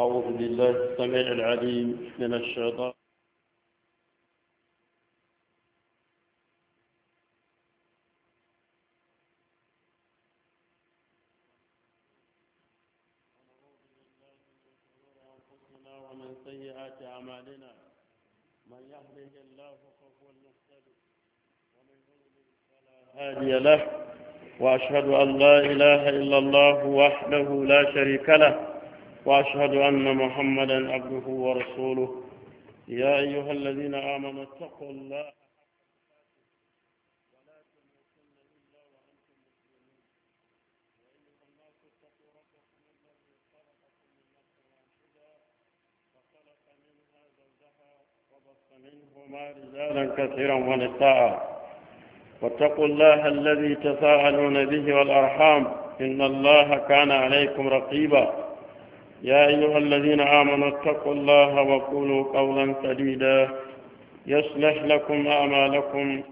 أعوذ بالله السميع العليم من الشيطان ومن سيئات أعمالنا من يهده الله فهو المهتد ومن يضلل فلا هادي له وأشهد أن لا إله إلا الله وحده لا شريك له وأشهد أن محمدا عبده ورسوله يا أيها الذين آمنوا اتقوا الله منهما رجالا كثيرا ونساء واتقوا الله الذي تساءلون به والأرحام إن الله كان عليكم رقيبا يا أيها الذين آمنوا اتقوا الله وقولوا قولا سديدا يصلح لكم أعمالكم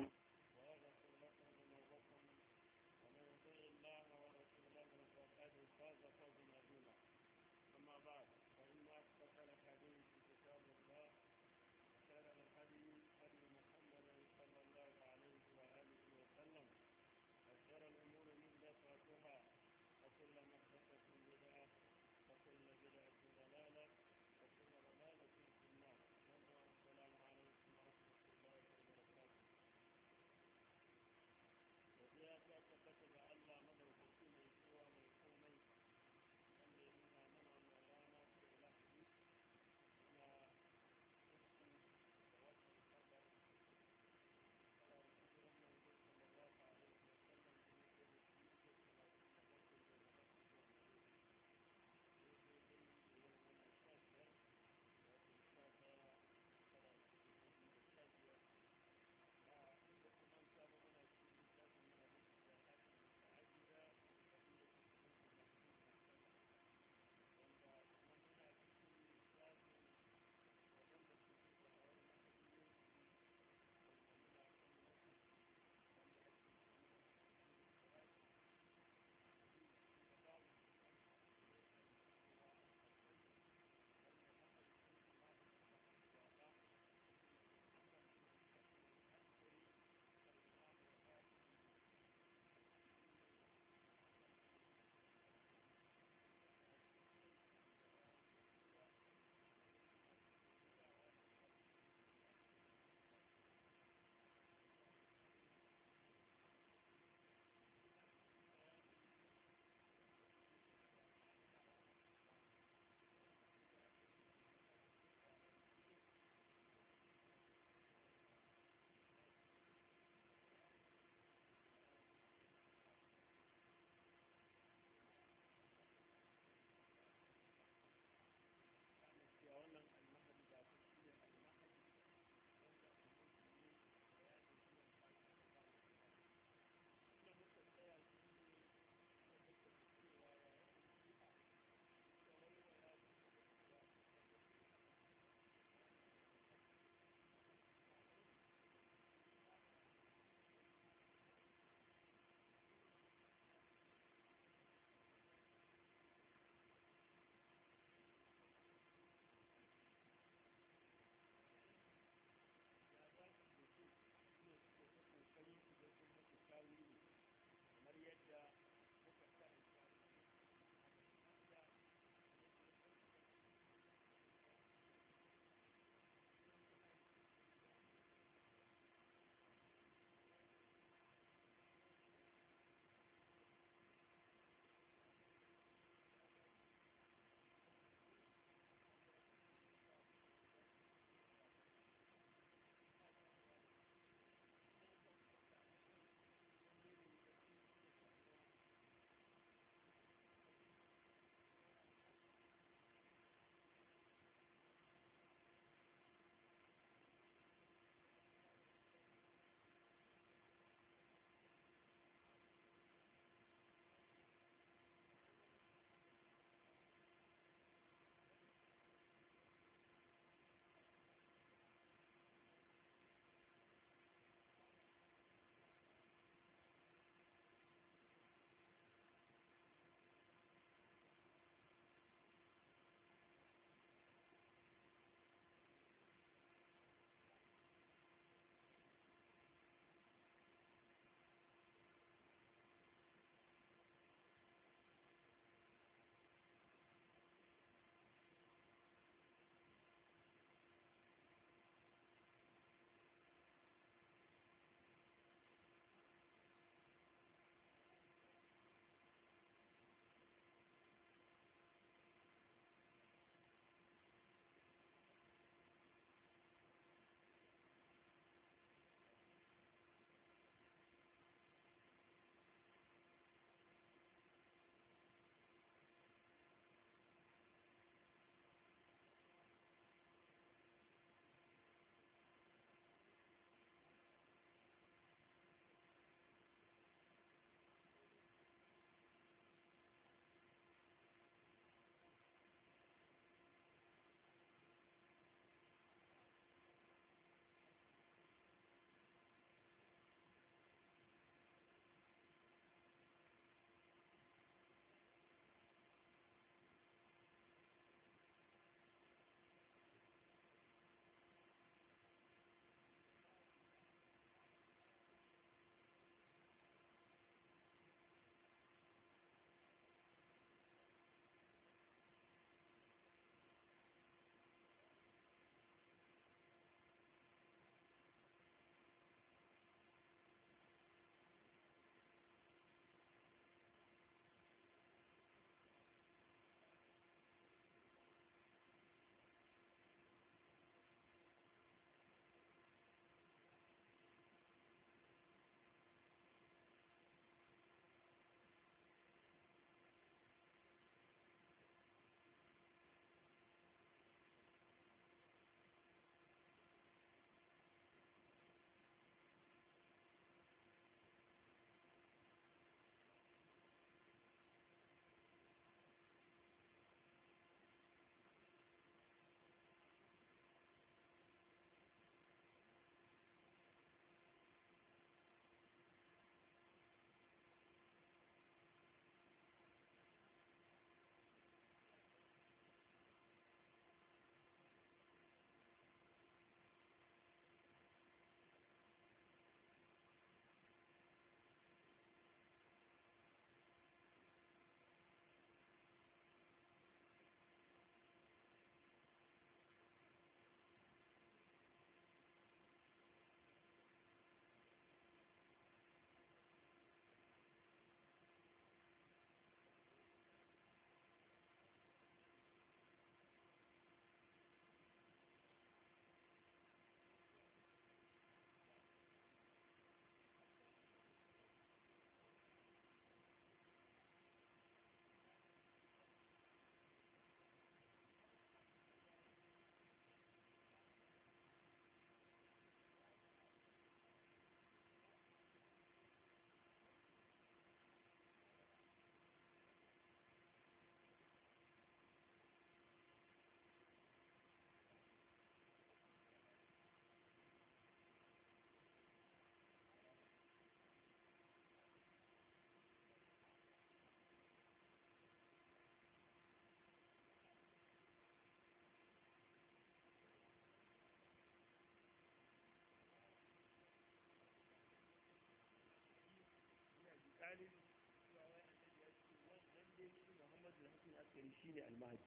shine almahdi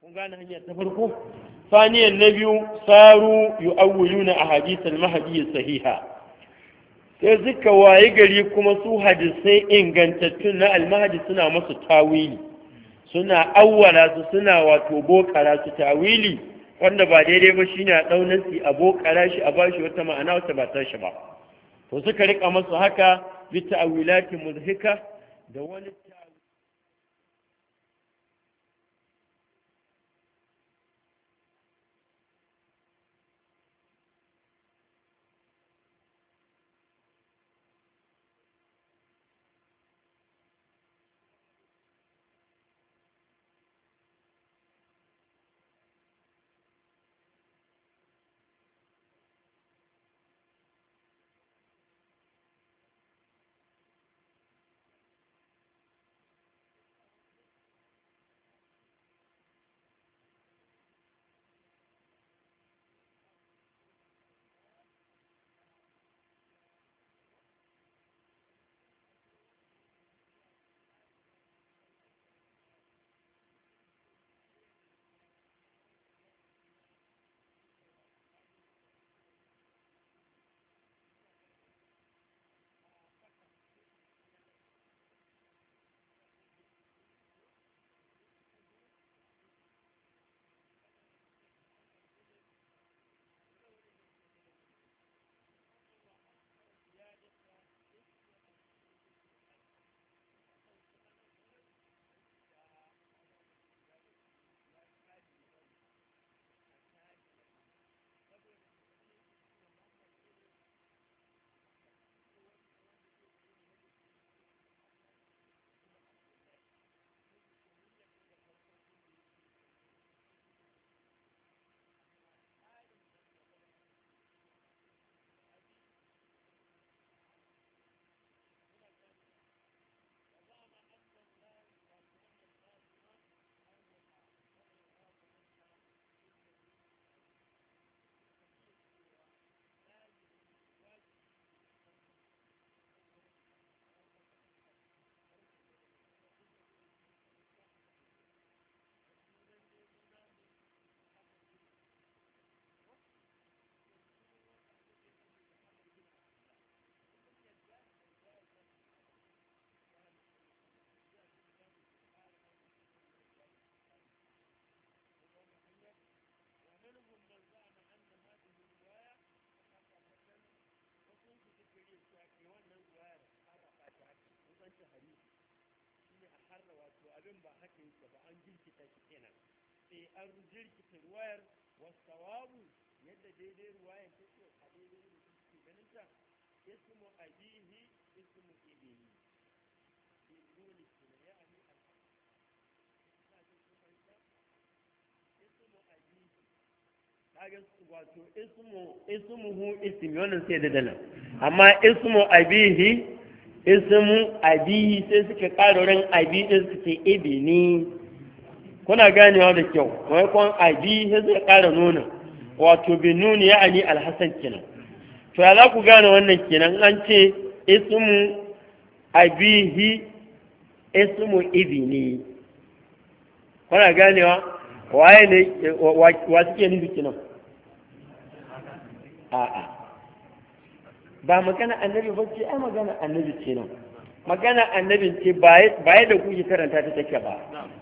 kun gane hanyar ta farko saniyan na biyu saru yu'awwiluna ahadith almahdi sahiha sai zuka waye gari kuma su hadisai ingantattun na almahdi suna masu tawili suna awwala su suna wato bokara su tawili wanda ba daidai ba shine a daunansu a bokara shi a bashi wata ma'ana wata ba ta shi ba to suka rika masu haka bi ta'wilati muzhika da wani rikitse an jirkita ruwayar wasawabu yadda daidai ruwayar ta ce a daidai da ta ce ganin ta ismu abihi ismu ibihi ibnuli kina ya abi ismu abihi kaga wato ismu ismuhu ismi wannan sai da dana amma ismu abihi ismu abihi sai suka ƙara ran abi din suke ibini kuna ganewa da kyau maimakon abi sai zai kara nuna wato bin nuni ya ani alhassan kenan to ya za ku gane wannan kenan an ce ismu abihi ismu ibini kuna ganewa waye ne wa suke nufi kenan a'a ba magana annabi ba ce ai magana annabi ce magana annabin ce ba yadda kuke karanta ta take ba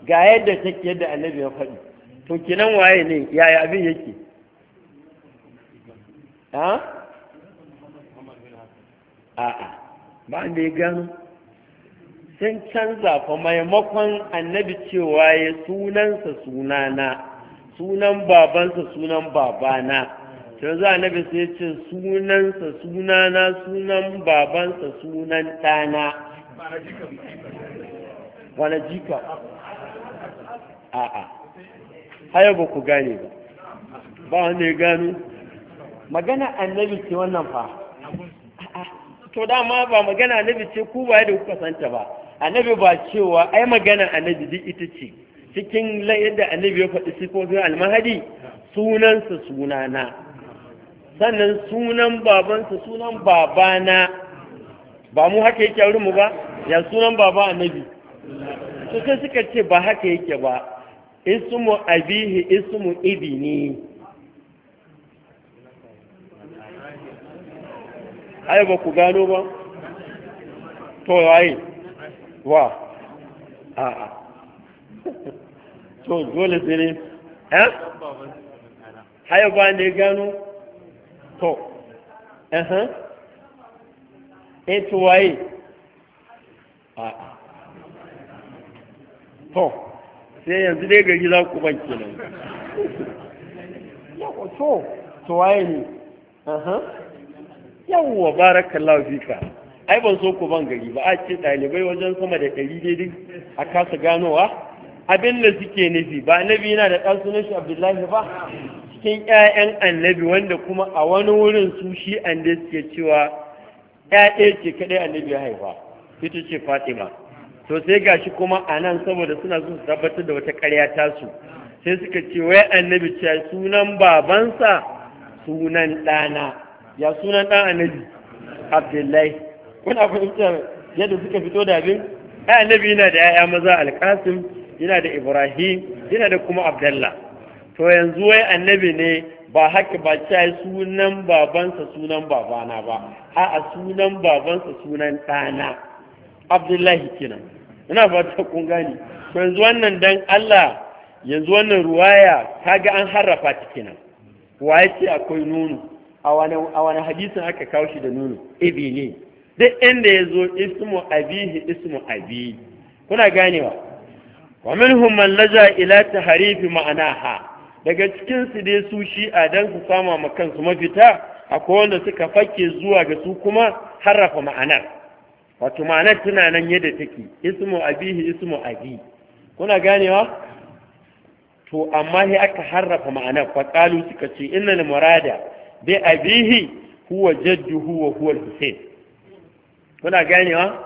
ga yadda take yadda annabi ya faɗi to kinan waye ne yaya abin yake ha a'a ba da ya gano sun canza fa maimakon annabi cewa ya sunansa sunana sunan babansa sunan babana sai za annabi sai ce sunansa sunana sunan babansa sunan ɗana wane jika a'a haya ba ku gane ba ba wanda ya gano magana annabi ce wannan fa to dama ba magana annabi ce ku ba da kuka santa ba annabi ba cewa ai magana annabi duk ita ce cikin yadda annabi ya faɗi sifofin almahadi sunansa sunana sannan sunan babansa sunan babana ba mu haka yake wurin mu ba ya sunan baba annabi to sai suka ce ba haka yake ba ismu abihi ismu ibni ai ba ku gano ba to waye wa a a to dole sai ne eh haya ba ne gano to eh eh to waye to sai yanzu dai gari za ku ban nan. yawa to to waye ne yawa baraka fika ai ban so ku ban gari ba a ce ɗalibai wajen sama da ɗari daidai a kasa ganowa abin da suke nufi ba Nabi yana da ɗan shi abdullahi ba cikin 'ya'yan annabi wanda kuma a wani wurin su shi an da suke cewa ɗaya ce kaɗai annabi ya haifa ita ce fatima to sai shi kuma a nan saboda suna su tabbatar da wata ƙarya tasu sai suka ce wai annabi ce sunan babansa sunan ɗana ya sunan ɗan annabi abdullahi kuna fahimtar yadda suka fito da abin ai annabi yana da 'ya'ya maza alkasim yana da ibrahim yana da kuma abdallah to yanzu wai annabi ne ba haka ba yi sunan babansa sunan babana ba 'a sunan babansa sunan ɗana abdullahi kenan ina fata kun gani yanzu wannan dan Allah yanzu wannan ruwaya ga an harrafa ta kenan waye ce akwai nono a wani hadisin aka kawo shi da nono ibi ne duk inda ya yazo ismu abihi ismu abi kuna ganewa wa minhum man laja ila ma'ana ma'anaha daga cikin su dai su a dan su kama ma kansu mafita akwai wanda suka fake zuwa ga su kuma harrafa ma'anar wato ma'anar tana nan yadda take ismu abihi ismu abi kuna ganewa to amma sai aka harrafa ma'anar qalu suka ce innal murada bi abihi huwa jadduhu wa huwa al-husayn kuna ganewa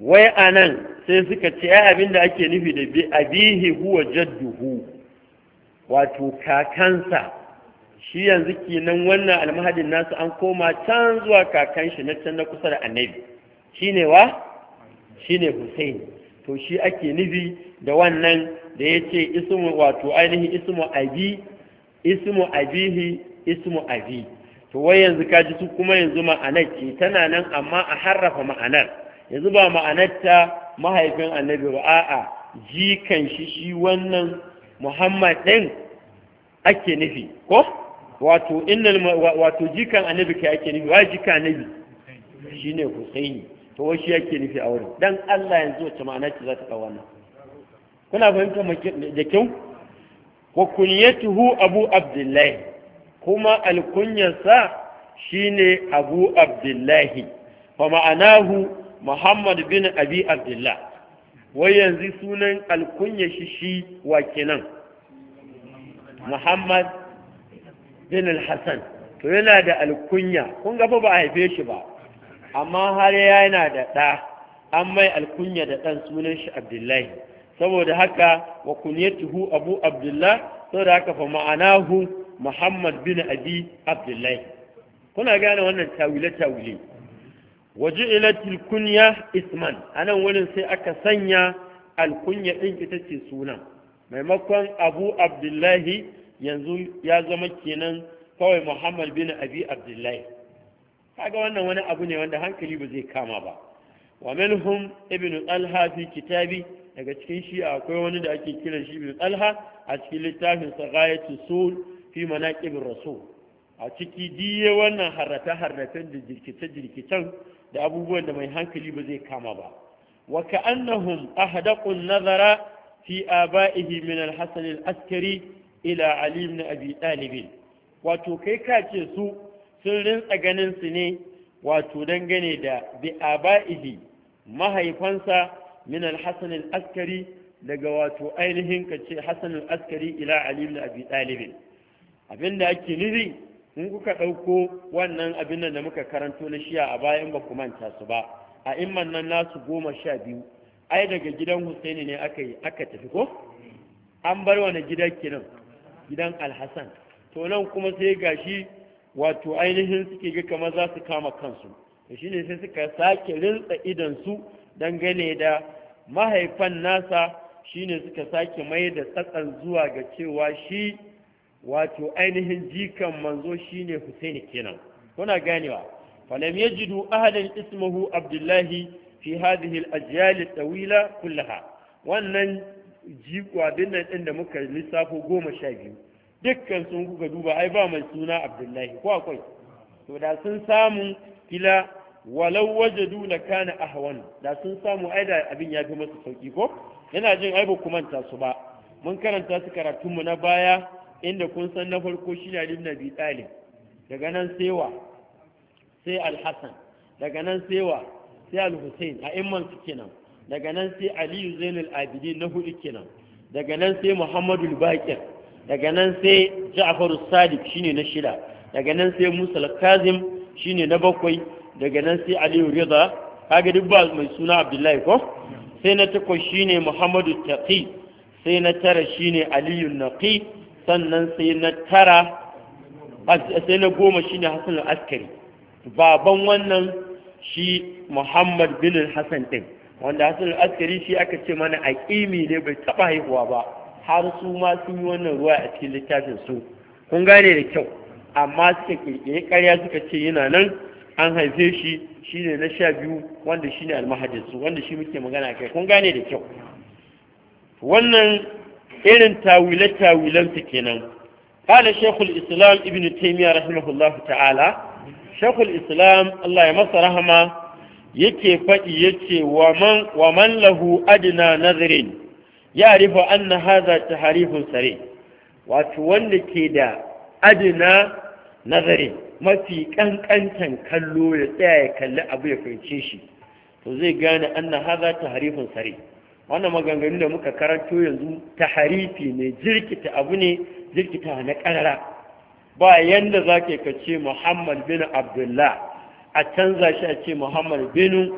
wai anan sai suka ce ai abinda ake nufi da bi abihi huwa jadduhu wato kakansa shi yanzu kenan wannan almahadin nasu an koma can zuwa kakan shi na can na kusa da annabi shine wa shine Hussein to shi ake nufi da wannan da yace ismu wato ainihi ismu abi ismu abihi ismu abi to wai yanzu kaji su kuma yanzu ma'anar ce tana nan amma a harrafa ma'anar yanzu ba ma'anar ta mahaifin annabi ba a'a jikan shi shi wannan muhammad ɗin ake nufi ko wato innal wato jikan annabi kai ake nufi wa jika annabi shine Hussaini to wai shi ake nufi a wurin dan Allah yanzu wace ma'ana ce za ta kawo wannan kuna fahimtar da kyau wa kunyatuhu abu abdullahi kuma alkunyarsa shine abu abdullahi fa ma'anahu muhammad bin abi abdullah wai yanzu sunan alkunya shi shi wa kenan muhammad bin al-hassan to yana da alkunya kun gafa ba a haife shi ba amma har yana da ɗa an mai alkunya da ɗan sunan shi abdullahi saboda haka wa kunyatuhu abu abdullah saboda haka fa ma'anahu muhammad bin abi abdullahi kuna gane wannan tawile tawile waje ilatil kunya isman a nan wurin sai aka sanya alkunya ɗin ita ce sunan maimakon abu abdullahi yanzu ya zama kenan kawai muhammad bin abi abdullahi kaga wannan wani abu ne wanda hankali ba zai kama ba wa minhum ibnu talha fi kitabi daga cikin shi akwai wani da ake kiran shi ibnu talha a cikin littafin sagayatu sul fi manaqib rasul a ciki diye wannan harrafe harrafen da jirkice jirkicen da abubuwan da mai hankali ba zai kama ba wa ka'annahum ahdaqun nazara fi aba'ihi min al-hasan al-askari ila ali ibn abi talib wato kai ka ce su sun rinsa ganin su ne wato dangane da bi aba'ihi mahaifansa min al-hasan al-askari daga wato ainihin kace hasan al-askari ila ali ibn abi talib abinda ake nufi in kuka ɗauko wannan abin nan da muka karanto na shiya a bayan ba ku manta su ba a imman nan nasu goma sha biyu ai daga gidan husaini ne aka yi aka tafi ko an bar wani gida kenan gidan alhassan to nan kuma sai ga shi, wato ainihin suke ga kamar za su kama kansu to shine sai suka sake rinsa idan su gane da mahaifan nasa shine suka sake mai da tsatsan zuwa ga cewa shi wato ainihin jikan manzo shine Husaini kenan kuna ganewa falam yajidu ahadan ismuhu Abdullahi fi hadhihi al-ajyal at-tawila kullaha wannan jikwa dinnan din da muka lissafo goma sha biyu dukkan sun kuka duba ai ba mai suna Abdullahi ko akwai to da sun samu kila walau wajadu la kana ahwan da sun samu ai da abin ya fi masu sauki ko yana jin ai ba kuma ta su ba mun karanta su karatunmu na baya inda kun san na farko shi na ibn abi talib daga nan sewa sai al-hasan daga nan sewa sai al hussein a imman su kenan daga nan sai aliyu zainul abidin na hudu kenan daga nan sai muhammadu Baqir daga nan sai ja'far sadiq shine na shida daga nan sai musa al-kazim shine na bakwai daga nan sai aliyu rida kaga duk ba mai suna abdullahi ko sai na takwas shine muhammadu taqi sai na tara shine aliyu naqi sannan sai na tara sai na goma shine Hassan askari baban wannan shi Muhammad bin Hassan din wanda Hassan al'askari shi aka ce mana aqimi ne bai taba haihuwa ba har su ma sun yi wannan ruwa a cikin littafin su kun gane da kyau amma suka kirkiri ƙarya suka ce yana nan an haife shi shi ne na sha biyu wanda shi ne almahadinsu wanda shi muke magana kai kun gane da kyau wannan irin tawile-tawilensu kenan kala shekul islam ibn taimiyya rahimahullah ta'ala shekul islam allah ya masa rahama yake faɗi ya ce wa man lahu adina nazirin ya rufe an na haza ta harifin sare wato wanda ke da adina nazarin mafi ƙanƙantan kallo ya tsaya ya kalli abu ya fahimce shi to zai gane an na haza ta harifin sare wannan maganganu da muka karanto yanzu ta harifi ne jirkita abu ne jirkita na ƙarara ba yanda za ka ce muhammad bin abdullah a canza shi a ce muhammad bin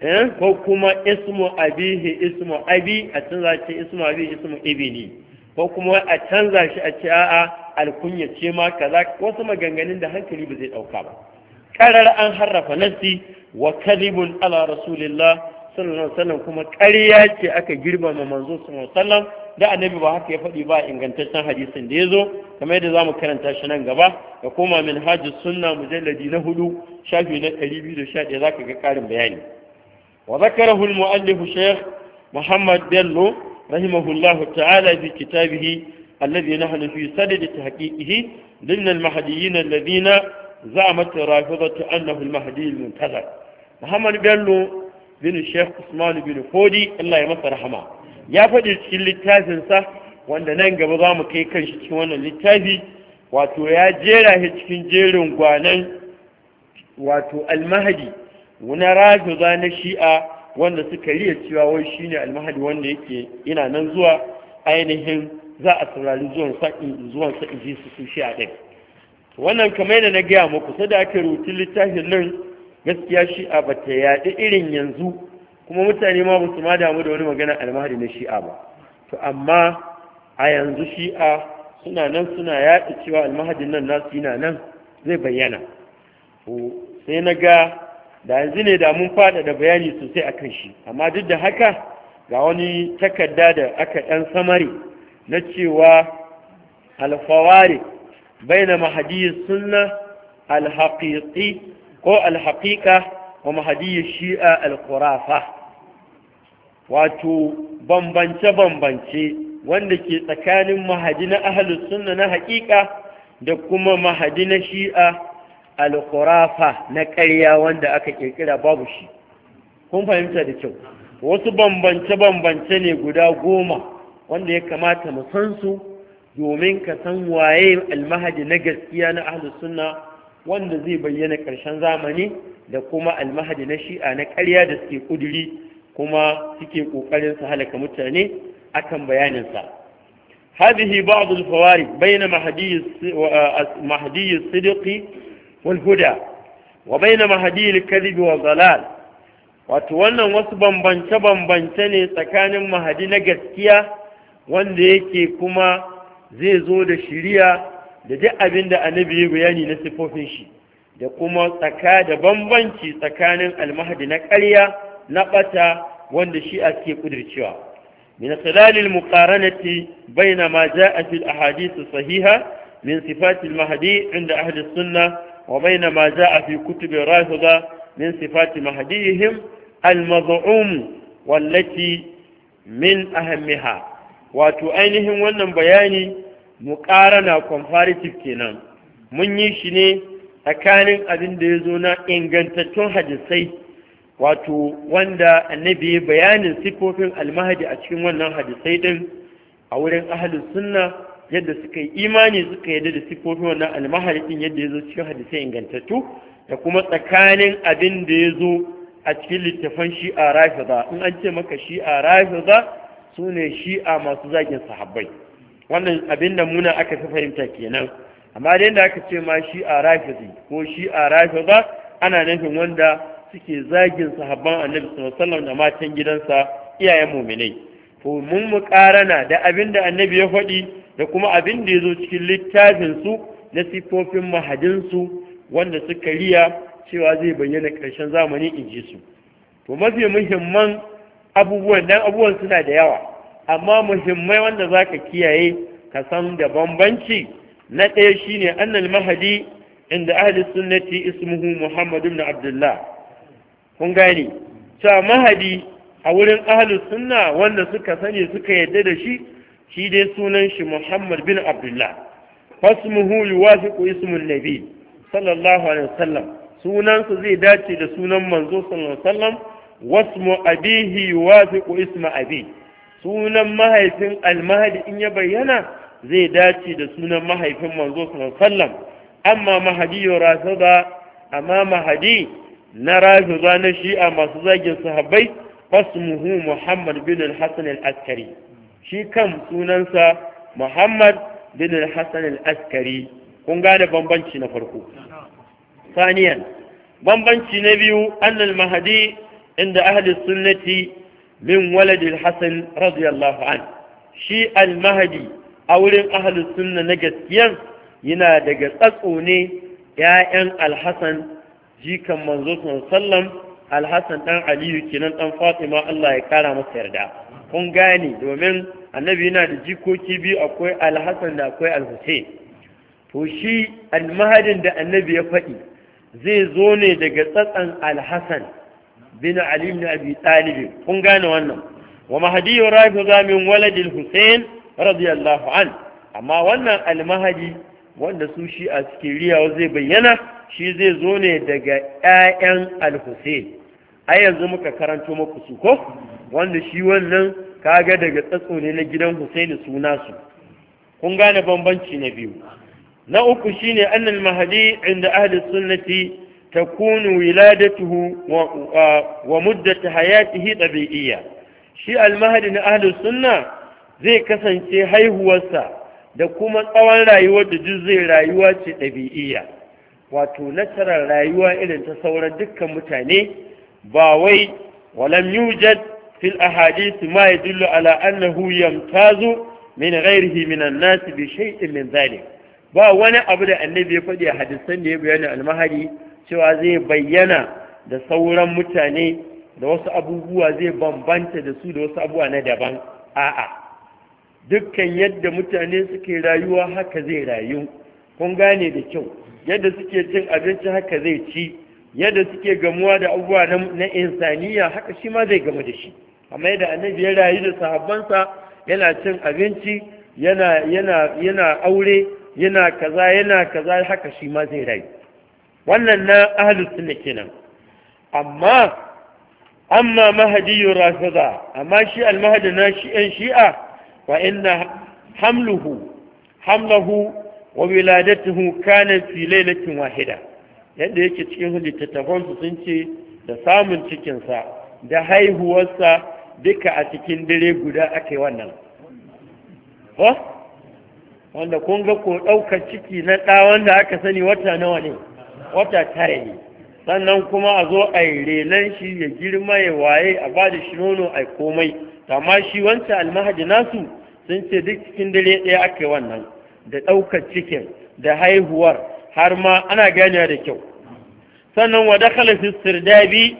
eh, ko kuma ismu abihi ismu abi a canza ce ismu abi ismu ibini ko kuma a canza shi a ce a'a alkunya ce ma kaza wasu maganganun da hankali ba zai dauka ba karar an harrafa nasi wa kalibun ala rasulillah sallallahu alaihi wasallam kuma ƙarya ce aka girmama manzo sallallahu alaihi wasallam da annabi ba haka ya faɗi ba ingantaccen hadisin da ya zo kamar yadda zamu karanta shi nan gaba da koma min hajji sunna mujalladi na hudu shafi na ɗari biyu da sha ɗaya za ga karin bayani wa zakarahu al-mu'allifu shaykh muhammad bello rahimahullahu ta'ala bi kitabihi alladhi nahnu fi sadad tahqiqihi ضمن المهديين الذين زعمت الرافضة أنه المهدي المنتظر muhammad bello. bin Sheikh Usman bin Fodi Allah ya masa rahama ya faɗi cikin littafinsa wanda nan gaba za mu kai kan shi cikin wannan littafi wato ya jera shi cikin jerin gwanan wato almahadi na za na shi'a wanda suka riya cewa wai shine almahadi wanda yake ina nan zuwa ainihin za a saurari zuwan sa'in zuwan sa'in su shi'a ɗin wannan kamar yadda na gaya muku sai da ake rubutun littafin nan gaskiya shi'a ba ta yaɗi irin yanzu kuma mutane ma ba su ma damu da wani magana almahadi na shi'a ba to amma a yanzu shi'a suna nan suna yaɗa cewa almahadin nan nasu yana nan zai bayyana sai na ga da yanzu ne da mun fada da bayani sosai a kan shi amma duk da haka ga wani takarda da aka ɗan samari na cewa alfawari bai na mahadi sunna alhaƙiƙi ko alhaƙiƙa wa mahadiyar shi'a alkurafa wato bambance-bambance wanda ke tsakanin mahadi na ahalus sunna na haƙiƙa da kuma mahadi na shi'a alkurafa na ƙarya wanda aka ƙirƙira babu shi kun fahimta da kyau wasu bambance-bambance ne guda goma wanda ya kamata mu san su domin ka san waye almahadi na gaskiya na ahalus sunna wanda zai bayyana ƙarshen zamani da kuma almahadi na shi'a na ƙarya da suke ƙuduri kuma suke ƙoƙarin su halaka mutane akan bayaninsa hadihi ba'd al-fawari bayna mahdi as-sidq wal huda wa bai mahdi al kalibi wa zalal wato wannan wasu bambance bambance ne tsakanin mahadi na gaskiya wanda yake kuma zai zo da shiriya da duk abin da annabi ya bayani na sifofin shi da kuma tsaka da bambanci tsakanin almahadi na ƙarya na ɓata wanda shi a ke ƙudircewa min salalil muqaranati baina ma jaa fil ahadith sahiha min sifati al mahdi inda ahli sunna wa baina ma jaa fi kutub rafida min sifat mahdihim al wallati min ahammiha wato ainihin wannan bayani muƙarana comparative kenan mun yi shi ne tsakanin abin da ya zo na ingantattun hadisai wato wanda annabi ya bayanin sifofin almahadi a cikin wannan hadisai din a wurin ahalin sunna yadda suka yi imani suka yadda da sifofin wannan almahadi din yadda ya zo cikin hadisai ingantattu da kuma tsakanin abin da ya zo a cikin littafan shi'a rafiza in an ce maka shi'a rafiza su ne shi'a masu zagin sahabbai wannan abin da muna aka fi fahimta kenan amma da aka ce ma shi a rafizi ko shi a rafiza ana nufin wanda suke zagin sahabban annabi sallallahu alaihi da matan gidansa iyayen muminai to mun mu karana da abin da annabi ya faɗi da kuma abin da ya zo cikin littafin su na sifofin mahadinsu wanda suka riya cewa zai bayyana karshen zamani in ji su to mafi muhimman abubuwan dan abubuwan suna da yawa amma muhimmai wanda za ka kiyaye ka san da bambanci na ɗaya shi ne annal mahadi inda ahli sunnati ismuhu muhammad ibn abdullah kun gane cewa mahadi a wurin ahli sunna wanda suka sani suka yadda da shi shi dai sunan shi muhammad bin abdullah fasmuhu yuwafiqu ismun nabi sallallahu alaihi wasallam sunansa zai dace da sunan manzo sallallahu alaihi wasallam wasmu abihi yuwafiqu isma abi sunan mahaifin almahadi in ya bayyana zai dace da sunan mahaifin manzo sallam amma mahadi ya rafiza amma mahadi na rafiza na shi'a masu zagin sahabbai fasmuhu muhammad bin al al-askari shi kan sunansa muhammad bin al al-askari kun gane bambanci na farko saniyan bambanci na biyu annal mahadi inda ahli sunnati min waladin Hassan radiyallahu an shi al a wurin ahlus sunna na gaskiyan yana daga tsatso ne ‘ya'yan alhassan jikan manzo sallam alhassan ɗan aliyu kenan ɗan fatima Allah ya ƙara masa yarda kun gane domin annabi yana da jikoki biyu akwai alhassan da akwai alhussein to shi almahadin da annabi ya faɗi zai zo ne daga tsatsan alhassan bin ali ibn abi talib kun gane wannan wa mahdi rafiza min waladil husain radiyallahu an amma wannan almahadi wanda su shi a riyawa zai bayyana shi zai zo ne daga 'ya'yan al-husain a yanzu muka karanto muku su ko wanda shi wannan kaga daga tsatso ne na gidan husaini suna su kun gane bambanci na biyu na uku shine annal mahadi inda ahli sunnati takunu wiladatuhu wa muddat hayatihi tabi'iyya shi almahdi na ahlus sunna zai kasance haihuwarsa da kuma tsawon rayuwar da duk zai rayuwa ce ɗabi'iyya wato nasarar rayuwa irin ta sauran dukkan mutane ba wai walam yujad fil ahadith ma yadullu ala annahu yamtazu min ghairihi min an-nas bi shay'in min dhalik ba wani abu da annabi ya faɗi a hadisan da ya bayyana almahadi cewa zai bayyana da sauran mutane da wasu abubuwa zai bambanta da su da wasu abubuwa na daban a'a dukkan yadda mutane suke rayuwa haka zai rayu kun gane da kyau yadda suke cin abinci haka zai ci yadda suke gamuwa da abubuwa na insaniya haka shi ma zai gamu da shi amma yadda annabi ya rayu da sahabbansa yana cin abinci yana yana aure yana kaza yana kaza haka shi ma zai rayu wannan na ahlus sunna kenan amma amma mahdi rafida amma shi al na shi an shi'a wa inna hamluhu hamluhu wa wiladatuhu kana fi lailatin wahida yadda yake cikin littattafan su sun ce da samun cikin sa da haihuwarsa duka a cikin dare guda aka yi wannan wanda kun ga ko ɗaukar ciki na ɗawan da aka sani wata nawa ne wata tare ne sannan kuma a zo a yi renon shi ya girma ya waye a ba da shi nono a komai amma shi wancan almahadi nasu sun ce duk cikin dare ɗaya aka wannan da ɗaukar cikin da haihuwar har ma ana ganewa da kyau sannan wa dakhala fi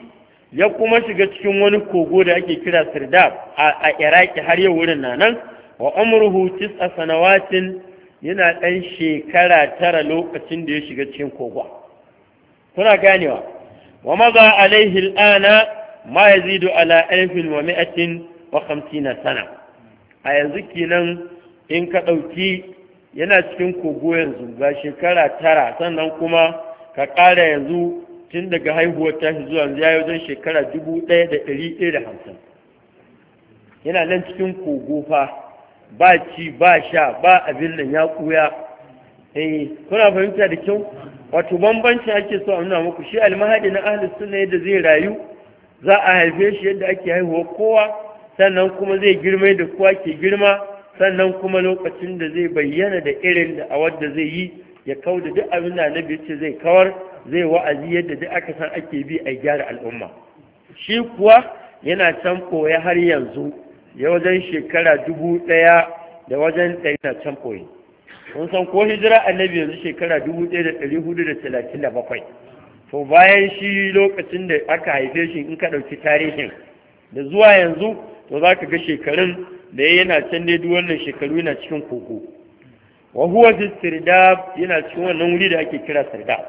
ya kuma shiga cikin wani kogo da ake kira sirdab a iraki har yau wurin na nan wa umruhu tis'a sanawatin yana ɗan shekara tara lokacin da ya shiga cikin kogon kuna ganewa wa maza alaihi al'ana ma zidu ala alfin wa mi'atin wa khamsina sana a yanzu kenan in ka ɗauki yana cikin kogo yanzu ga shekara tara sannan kuma ka ƙara yanzu tun daga haihuwar tashi zuwa ya yi wajen shekara dubu ɗaya da ɗari ɗaya da hamsin yana nan cikin kogo fa ba ci ba sha ba abin nan ya ƙuya eh kuna fahimta da kyau wato bambanci ake so a nuna muku shi almahadi na ahlus sunna yadda zai rayu za a haife shi yadda ake haihuwa kowa sannan kuma zai girma da kowa ke girma sannan kuma lokacin da zai bayyana da irin da awar da zai yi ya kau da duk abin da annabi ce zai kawar zai wa'azi yadda duk aka san ake bi a gyara al'umma shi kuwa yana can koya har yanzu ya wajen shekara dubu ɗaya da wajen ɗari na can koyi kun san ko hijira annabi yanzu shekara 1437 to bayan shi lokacin da aka haife shi in ka ɗauki tarihin da zuwa yanzu to za ka ga shekarun da ya yana can ne wannan shekaru yana cikin koko wa huwa fi sirdab yana cikin wannan wuri da ake kira sirdab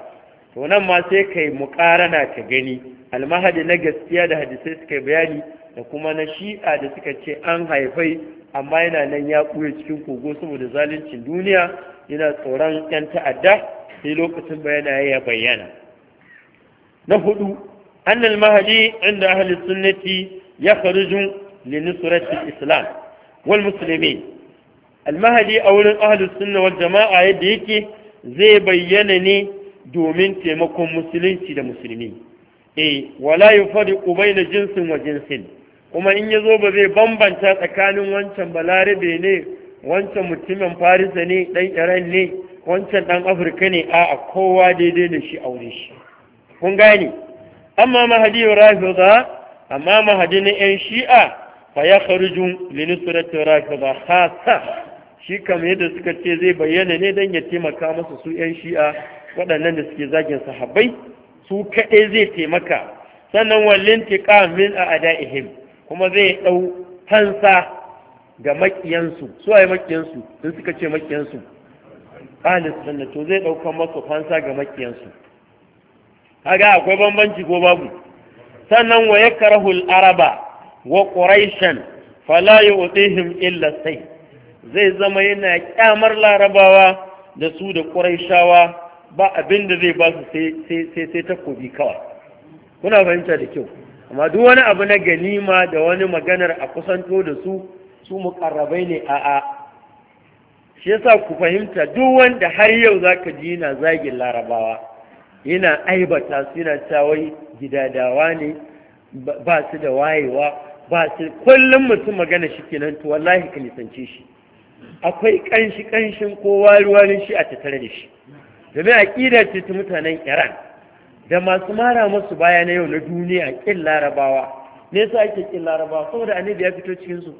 to nan ma sai kai muqarana ka gani almahadi na gaskiya da hadisai suka bayani da kuma na shi'a da suka ce an haifai amma yana nan ya ɓuya cikin kogo saboda zaluncin duniya yana tsoron 'yan ta'adda sai lokacin bayana ya bayyana na hudu annal mahadi inda ahli sunnati ya kharuju li nusrati islam wal muslimin al a wurin ahli sunna wal jama'a yadda yake zai bayyana ne domin taimakon musulunci da musulmi eh wala yufariqu da jinsin wa jinsin kuma in ya zo ba zai bambanta tsakanin wancan balarabe ne wancan mutumin farisa ne ɗan iran ne wancan ɗan afirka ne a kowa daidai da shi aure shi kun gane amma mahadi rafiza amma mahadi na yan shi'a fa ya kharuju li nusrati rafiza khassa shi kamar yadda suka ce zai bayyana ne don ya taimaka masa su 'yan shi'a waɗannan da suke zagin sahabbai su kaɗai zai taimaka sannan wallin tiƙa min a ada'ihim kuma zai ɗau fansa ga makiyansu su waye makiyansu sun suka ce makiyansu ahli sunna to zai ɗauka masa fansa ga makiyansu kaga akwai bambanci ko babu sannan wa yakrahul araba wa quraishan fala yu'tihim illa sai zai zama yana kyamar larabawa da su da quraishawa ba abinda zai ba su sai sai sai takobi kawai kuna fahimta da kyau amma duk wani abu na ganima da wani maganar a kusanto da su su muƙarrabai ne a'a shi yasa ku fahimta duk wanda har yau zaka ji yana zagin larabawa yana aibata su yana cawai gidadawa ne ba su da wayewa ba su kullum mutum magana shi kenan to wallahi ka nisance shi akwai kanshi kanshin kowa ruwanin shi a tattare da shi domin aƙidar ce ta mutanen iran da masu mara masu baya na yau na duniya ƙin larabawa ne sa ake ƙin larabawa saboda annabi ya fito cikinsu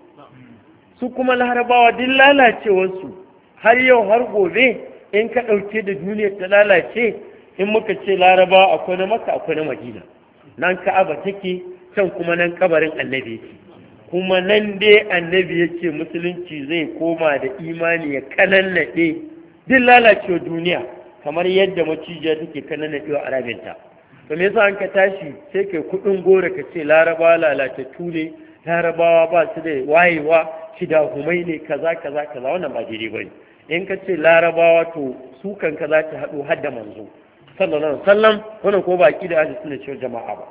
su kuma larabawa duk lalacewarsu har yau har gobe in ka ɗauke da duniya ta lalace in muka ce larabawa akwai na maka akwai na madina nan ka'aba take can kuma nan kabarin annabi yake kuma nan dai annabi yake musulunci zai koma da imani ya kanannaɗe din lalacewa duniya kamar yadda macijiya take kanana ɗiwa a arabinta, to me yasa an ka tashi sai kai kuɗin goro ka ce laraba lalatattu ne larabawa ba su da wayewa humai ne kaza kaza kaza wannan ba daidai bane in ka ce larabawa to su kan kaza ta haɗo har da manzo sallallahu alaihi wasallam wannan ko ba da ahli sunna cewa jama'a ba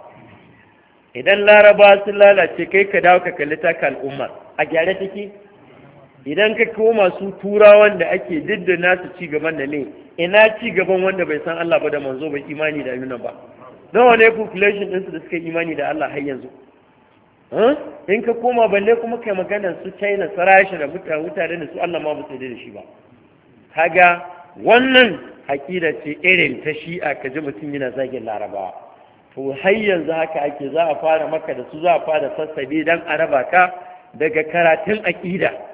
idan laraba sun lalace kai ka dawo ka kalli ta ummar, a gyare take idan ka koma su turawan da ake diddana su ci gaban da ne ina ci gaban wanda bai san Allah ba da manzo bai imani da yunan ba nawa ne population din su da suka imani da Allah har yanzu in ka koma balle kuma kai magana su China su Rasha da mutane mutane da su Allah ma ba su da shi ba kaga wannan hakida ce irin ta shi'a ka ji mutum yana zagin larabawa to har yanzu haka ake za a fara maka da su za a fara sassabe dan a raba ka daga karatun aƙida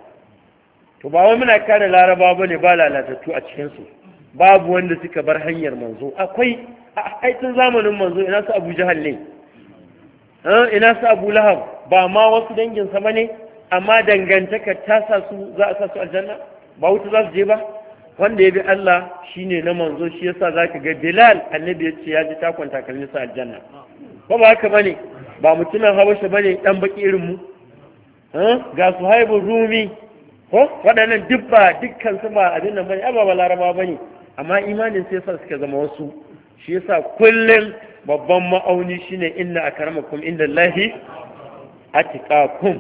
to ba wai muna kare laraba ba ne ba lalatattu a cikinsu babu wanda suka bar hanyar manzo akwai a aikin zamanin manzo ina su abu jahal ne eh, ina su abu lahab ba ma wasu dangin ba ne amma dangantaka ta sa su za a sa su aljanna ba wuta za su je ba wanda ya bi Allah shine na manzo shi yasa zaka ga Bilal annabi ya ce ya ji takon takalmi sa aljanna ba ba haka bane ba mutumin Habasha bane dan baki irin mu eh, ga Suhaibul Rumi ko waɗannan duk ba dukkan su ba abin nan bane ba laraba bane amma imanin sai sa suka zama wasu shi yasa kullum babban ma'auni shine inna akramakum indallahi atqakum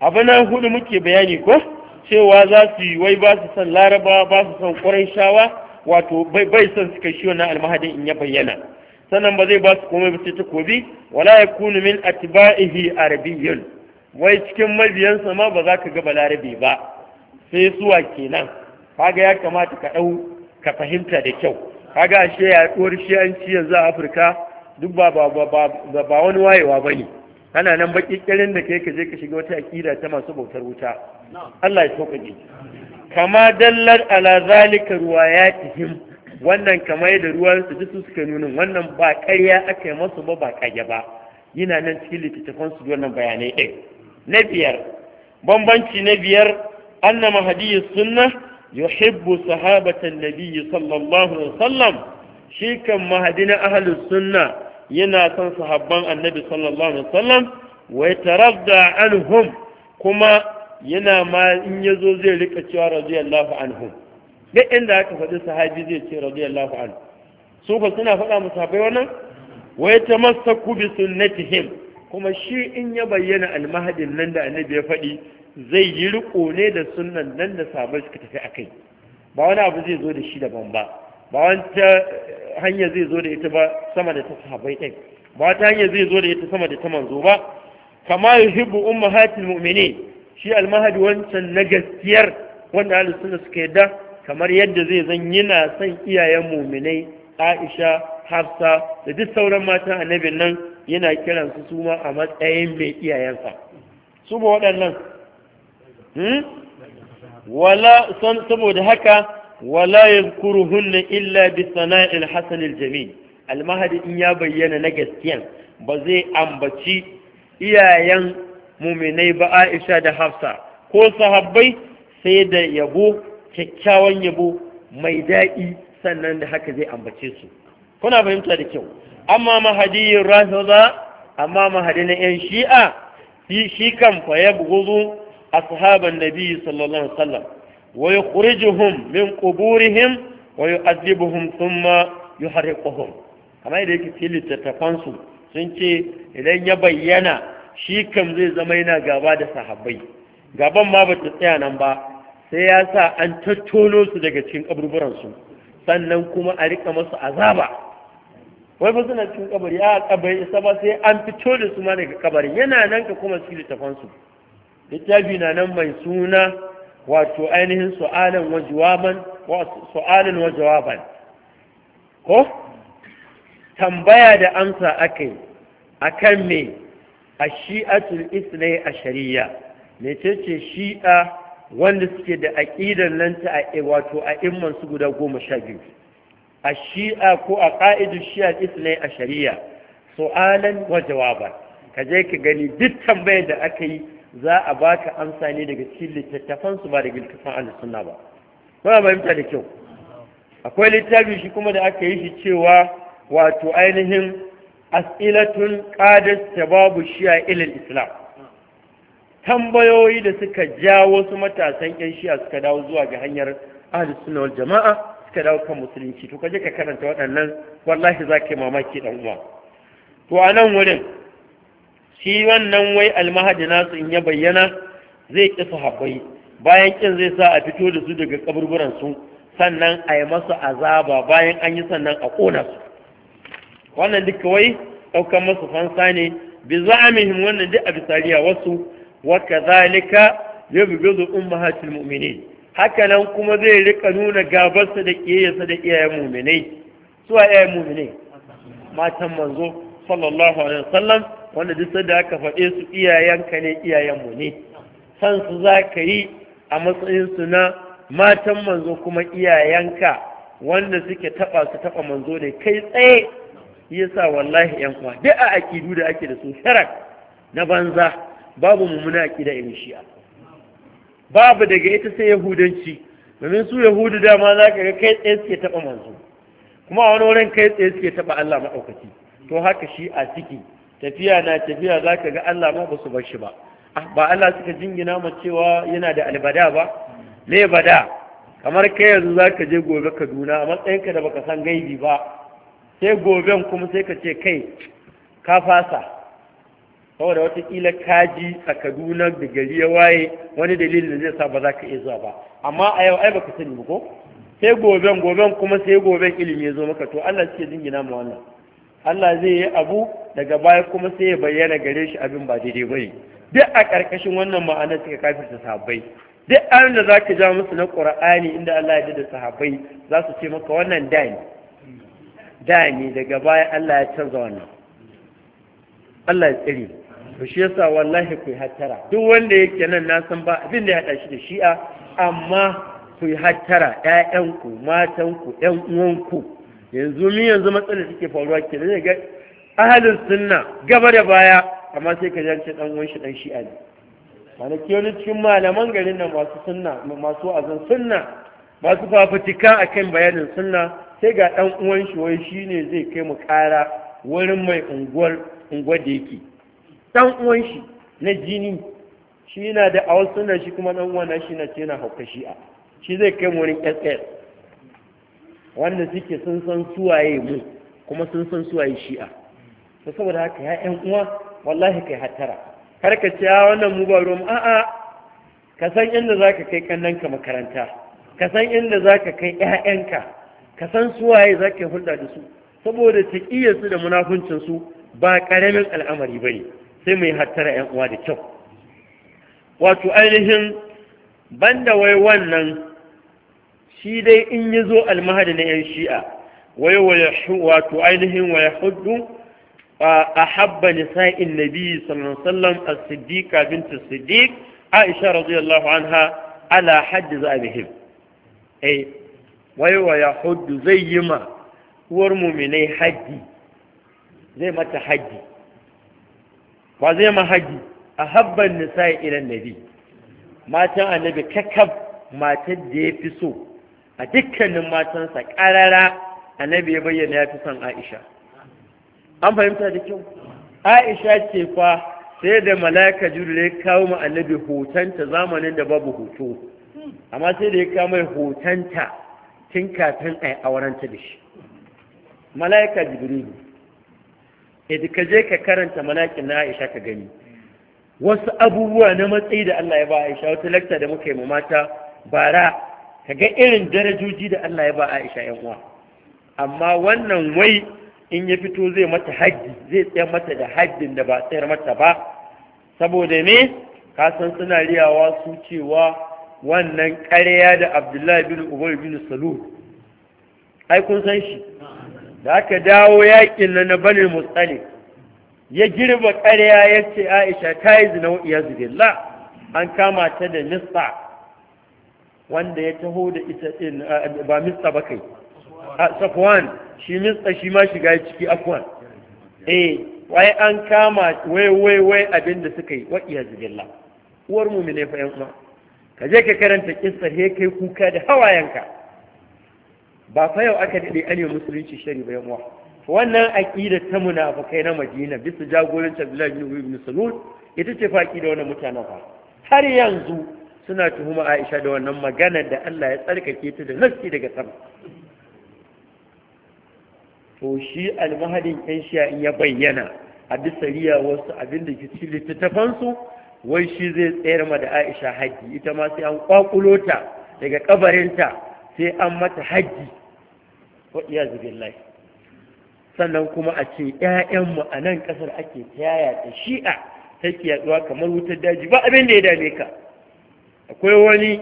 abin nan hudu muke bayani ko cewa za su yi wai ba su san laraba ba su san ƙurayshawa wato bai bai son suka shi wannan almahadin in ya bayyana sannan ba zai ba su komai ba sai takobi wala yakunu min atba'ihi arabiyyun wai cikin mabiyansa ma ba za ka ga balarabe ba sai suwa kenan kaga ya kamata ka ɗau ka fahimta da kyau kaga ashe an ci yanzu a afirka duk ba ba wani wayewa ba ne ana nan baƙiƙirin da kai ka je ka shiga wata aƙida ta masu bautar wuta Allah ya sauƙaƙe kama dallar ala zalika tihim wannan kamar da ruwansu duk suka nuna wannan ba ƙarya aka yi masu ba ba ƙarya ba yana nan cikin littattafansu wannan bayanai ɗin na biyar bambanci na biyar anna mahadi sunna yuhibbu sahabatan nabiyyi sallallahu alaihi wasallam shi kan mahadi na ahlus sunna yana son sahabban annabi sallallahu alaihi wasallam wa yataradda anhum kuma yana ma in yazo zai rika cewa radiyallahu anhum duk inda aka faɗi sahabi zai ce radiyallahu anhu su suna faɗa mu sahabbai wannan wa yatamassaku bi sunnatihim kuma shi in ya bayyana almahadin nan da annabi ya faɗi zai yi riko ne da sunnan nan da sabai suka tafi akai ba wani abu zai zo da shi daban ba ba wata hanya zai zo da ita ba sama da ta sahabai ɗin ba wata hanya zai zo da ita sama da ta manzo ba kama yuhibbu ummahatil mu'minin shi almahadi wancan na gaskiyar wanda ahlus sunna suka yadda kamar yadda zai zan yana son iyayen mu'minai Aisha Hafsa da duk sauran matan annabin nan yana kiransu su ma a matsayin mai iyayensa su waɗannan hmm? saboda haka wala na illa bi sana'il hasan al jamil almahadi in ya bayyana na gaskiyan ba zai ambaci iyayen muminai ba Aisha da Hafsa ko sahabbai sai da yabo kyakkyawan yabo mai daɗi sannan da haka zai ambace su kuna fahimta da kyau amma mahadiyin rafiza amma mahadi na yan shi'a shi kan fa ya a sahabar nabi sallallahu alaihi wasallam wa yukhrijuhum min quburihim wa ma yi yuharriquhum kamar yadda yake cikin littattafan sun ce idan ya bayyana shi kam zai zama yana gaba da sahabbai gaban ma bata tsaya nan ba sai ya sa an tattono su daga cikin kaburburan sannan kuma a rika masu azaba wai ba suna cikin kabari a kabari isa ba sai an fito da su ma daga kabari yana nan ka kuma cikin littafan su littafi na nan mai suna wato ainihin su'alan wa jawaban su'alan wa jawaban ko tambaya da amsa akai akan me a shi'atul isnai a shari'a mecece shi'a wanda suke da aƙidar nan ta wato a imman su guda goma sha biyu a shi'a ko a ƙa'idu shi'a isnai a shari'a su'alan wa jawaban ka je ka gani duk tambayar da aka yi za a baka amsa ne daga cikin littattafansu ba da littattafan ahlus sunna ba kuna fahimta da kyau akwai littafi shi kuma da aka yi shi cewa wato ainihin as'ilatun qadas babu shi'a ilal islam tambayoyi da suka jawo wasu matasan yan shi'a suka dawo zuwa ga hanyar ahlus sunna wal jama'a suka dawo kan musulunci to kaje ka karanta waɗannan wallahi za ka yi mamaki dan uwa to a nan wurin shi wannan wai almahadi nasu in ya bayyana zai ƙi sahabbai bayan ƙin zai sa a fito da su daga kaburburan su sannan a yi masu azaba bayan an yi sannan a ƙona su wannan duk kawai ɗaukar masu fansa ne bi za'amihim wannan duk a bisariya wasu wa kadhalika yabghidu ummahatul mu'minin hakanan kuma zai rika nuna gabarsa da ƙiyayarsa da iyayen muminai suwa iyayen muminai matan manzo sallallahu alaihi wasallam wanda duk sanda aka faɗe su iyayenka ne iyayenmu ne san su za ka yi a matsayin su na matan manzo kuma iyayenka wanda suke taɓa su taɓa manzo ne kai tsaye yasa wallahi yan uwa duk a aƙidu da ake da su sharak na banza babu mummuna aƙida in shi'a babu daga ita sai yahudanci domin su yahudu dama za ka ga kai tsaye suke taɓa manzo kuma a wani wurin kai tsaye suke taɓa Allah maɗaukaki to haka shi a ciki tafiya na tafiya za ka ga Allah ma ba su bar shi ba ah, ba Allah suka jingina ma cewa yana da albada ba me bada kamar kai yanzu za ka je gobe Kaduna a matsayinka da baka san gaibi ba sai goben kuma sai ka ce kai ka fasa saboda watakila kaji a kaduna da gari ya waye wani dalilin da zai sa ba za ka iya zuwa ba amma a yau ai baka sani ba ko sai goben goben kuma sai goben ilimi ya zo maka to Allah ke jingina mu wannan Allah zai yi abu daga baya kuma sai ya bayyana gare shi abin ba daidai bane duk a ƙarƙashin wannan ma'anar suka kafirta sahabbai duk abin da za ka ja musu na Qur'ani inda Allah ya da sahabbai za su ce maka wannan da ne da ne daga baya Allah ya canza wannan Allah ya tsire to shi yasa wallahi ku hattara duk wanda yake nan na san ba abin da ya haɗa shi da shi'a amma ku hattara ƴaƴanku matanku ƴan uwanku yanzu mun yanzu matsalar take faruwa ke da ga ahalin sunna gaba da baya amma sai ka jance dan uwan shi dan shi'a ne ke wani cikin malaman garin nan masu sunna masu azan sunna masu fafutuka akan bayanin sunna sai ga dan uwan shi wai shine zai kai mu kara wurin mai unguwar unguwar da yake ɗan’uwan shi na jini shi na da wasu na shi kuma dan na shi na ce na hauka shi'a shi zai kai wani wurin SS wanda suke sun san suwaye mu kuma sun san suwaye shi'a ta saboda haka ya ’yan’uwa uwa wallahi kai hatara kar ka ce wannan mu ba mu? a'a ka san inda ka kai kannanka makaranta ka san inda ka kai 'ya'yanka. ka san suwaye zaka hulɗa da su saboda taƙiyarsu da munafuncinsu ba ƙaramin al'amari ba ne. sai mu yi hattara ‘yan uwa da kyau wato ainihin banda wai wannan shi dai in ya zo almahadi na ‘yan shi'a wai wato ainihin waya hudu a habba nisa'in nabi sallallahu a siddiqa Binta siddiq aisha radiyallahu anha ala haddi za bihim eh wai waya hudu zai yi ma uwar muminai haji zai mata hajji. ba zai mahaji a habban nisa ilan nabi matan annabi kakab matar da ya fi so a dukkanin matansa ƙarara annabi ya bayyana ya fi son aisha an fahimta da kyau aisha ce fa sai da mala'ika jibril ya kawo ma annabi hotonta zamanin da babu hoto amma sai da ya kawo mai hotonta tun kafin a aurenta da shi mala'ika jibril idi ka je ka karanta manakin na aisha ka gani wasu abubuwa na matsayi da Allah ya ba aisha wata lakta da muka yi mu mata bara ka ga irin darajoji da Allah ya ba aisha yan uwa amma wannan wai in ya fito zai mata haddi zai tsayar mata da haddin da ba tsayar mata ba saboda me ka san suna riyawa su cewa wannan ƙarya da abdullahi bin ubay bin salul ai kun san shi da aka dawo yakin na banin mutsali ya girba ƙarya ya ce aisha ta yi zina zube la an kama ta da mista wanda ya taho da ita ɗin ba mista ba kai safwan shi mista shi ma shiga ciki afwan eh wai an kama wai wai wai abinda suka yi ya zube la uwar mu ne fa yan ka je ka karanta kissar he kai kuka da hawayenka ba fa yau aka daɗe an yi musulunci shari ba yamuwa wannan aƙida ta muna kai na madina bisa jagorancin abdullahi bin ubay ita ce fa aƙida wannan mutanen fa har yanzu suna tuhuma aisha da wannan magana da Allah ya tsarkake ta da nasi daga sama to shi almahadin yan shi'a in ya bayyana a bisa riya wasu abin da ke littattafansu wai shi zai tsayar ma da aisha haji ita ma sai an kwakulo ta daga kabarinta sai an mata haji wa billahi sannan kuma a ce ‘ya’yanmu a nan ƙasar ake ta yaya ta shi'a ke yaduwa kamar wutar daji ba abin da ya dame ka akwai wani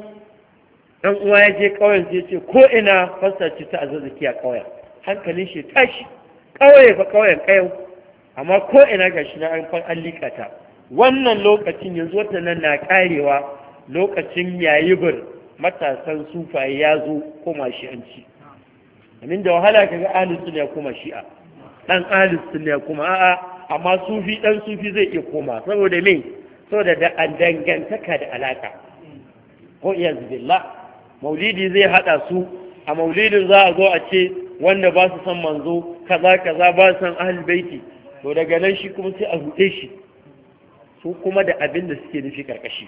ɗan uwa ya je ƙauyen sai ce ko ina ta azazzaki a ƙauyen hankalin shi tashi ƙauye fa ƙauyen ƙayau amma ko ina ga shi na an an likata wannan lokacin yanzu wata nan na ƙarewa lokacin yayibir matasan sufaye ya zo koma shi an ci amin da wahala ka ga ahlus sunna kuma shi'a dan ahlus sunna kuma a'a amma sufi dan sufi zai iya koma saboda me saboda da dangantaka da alaka ko iya billah maulidi zai hada su a maulidin za a zo a ce wanda ba su san manzo kaza kaza ba su san ahlul baiti to daga nan shi kuma sai a rute shi su kuma da abin da suke nufi karkashi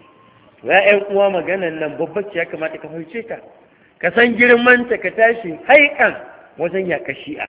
ya'yan uwa maganan nan babbaci ya kamata ka fahimce ta ka san girmanta ka tashi haikan wajen yaƙa shi'a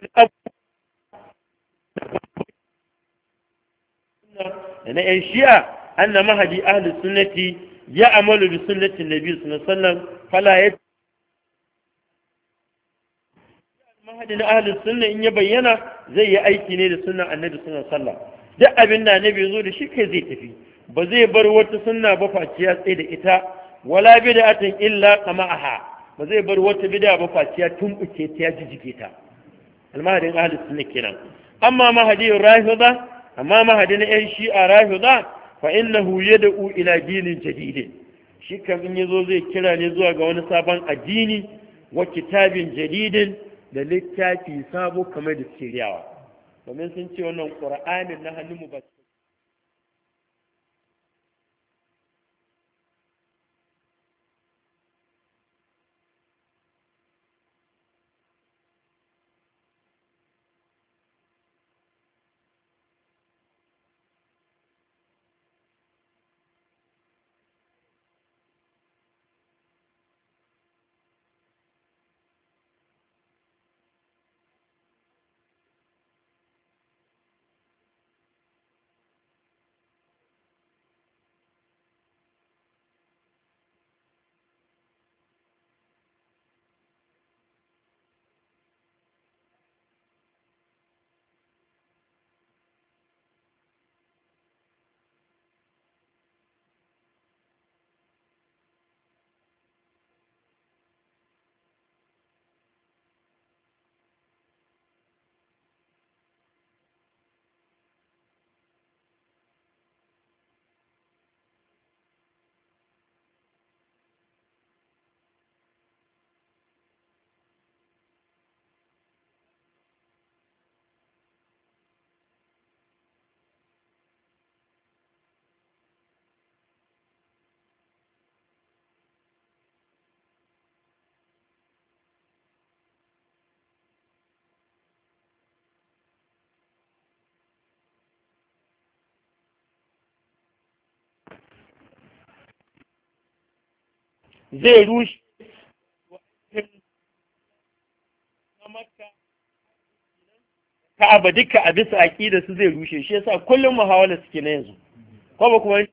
da na ‘yan shi'a an na mahadi ahalin sunnati ya amalu bi sunnatin na biyu suna sannan fala ya mahadi na ahalin sunna in ya bayyana zai yi aiki ne da sunnan annabi suna sallah duk abin da annabi zo da shi kai zai tafi ba zai bar wata sunna ba faciya tsaye da ita wala atan illa kama aha ba zai bar wata bid'a ba faciya tumɓuke ta ya jijige ta almahadin ahli sunna kenan amma mahadi rafida amma mahadi na yan shi'a rafida fa innahu yad'u ila dinin jadid shi kan in yazo zai kira ne zuwa ga wani sabon addini wa kitabin jadidin da littafi sabo kamar da siriyawa domin sun ce wannan qur'anin na hannun mu zai rushe ka'aba duka a bisa da su zai rushe shi yasa kullum muhawala suke na yanzu ko ba kuma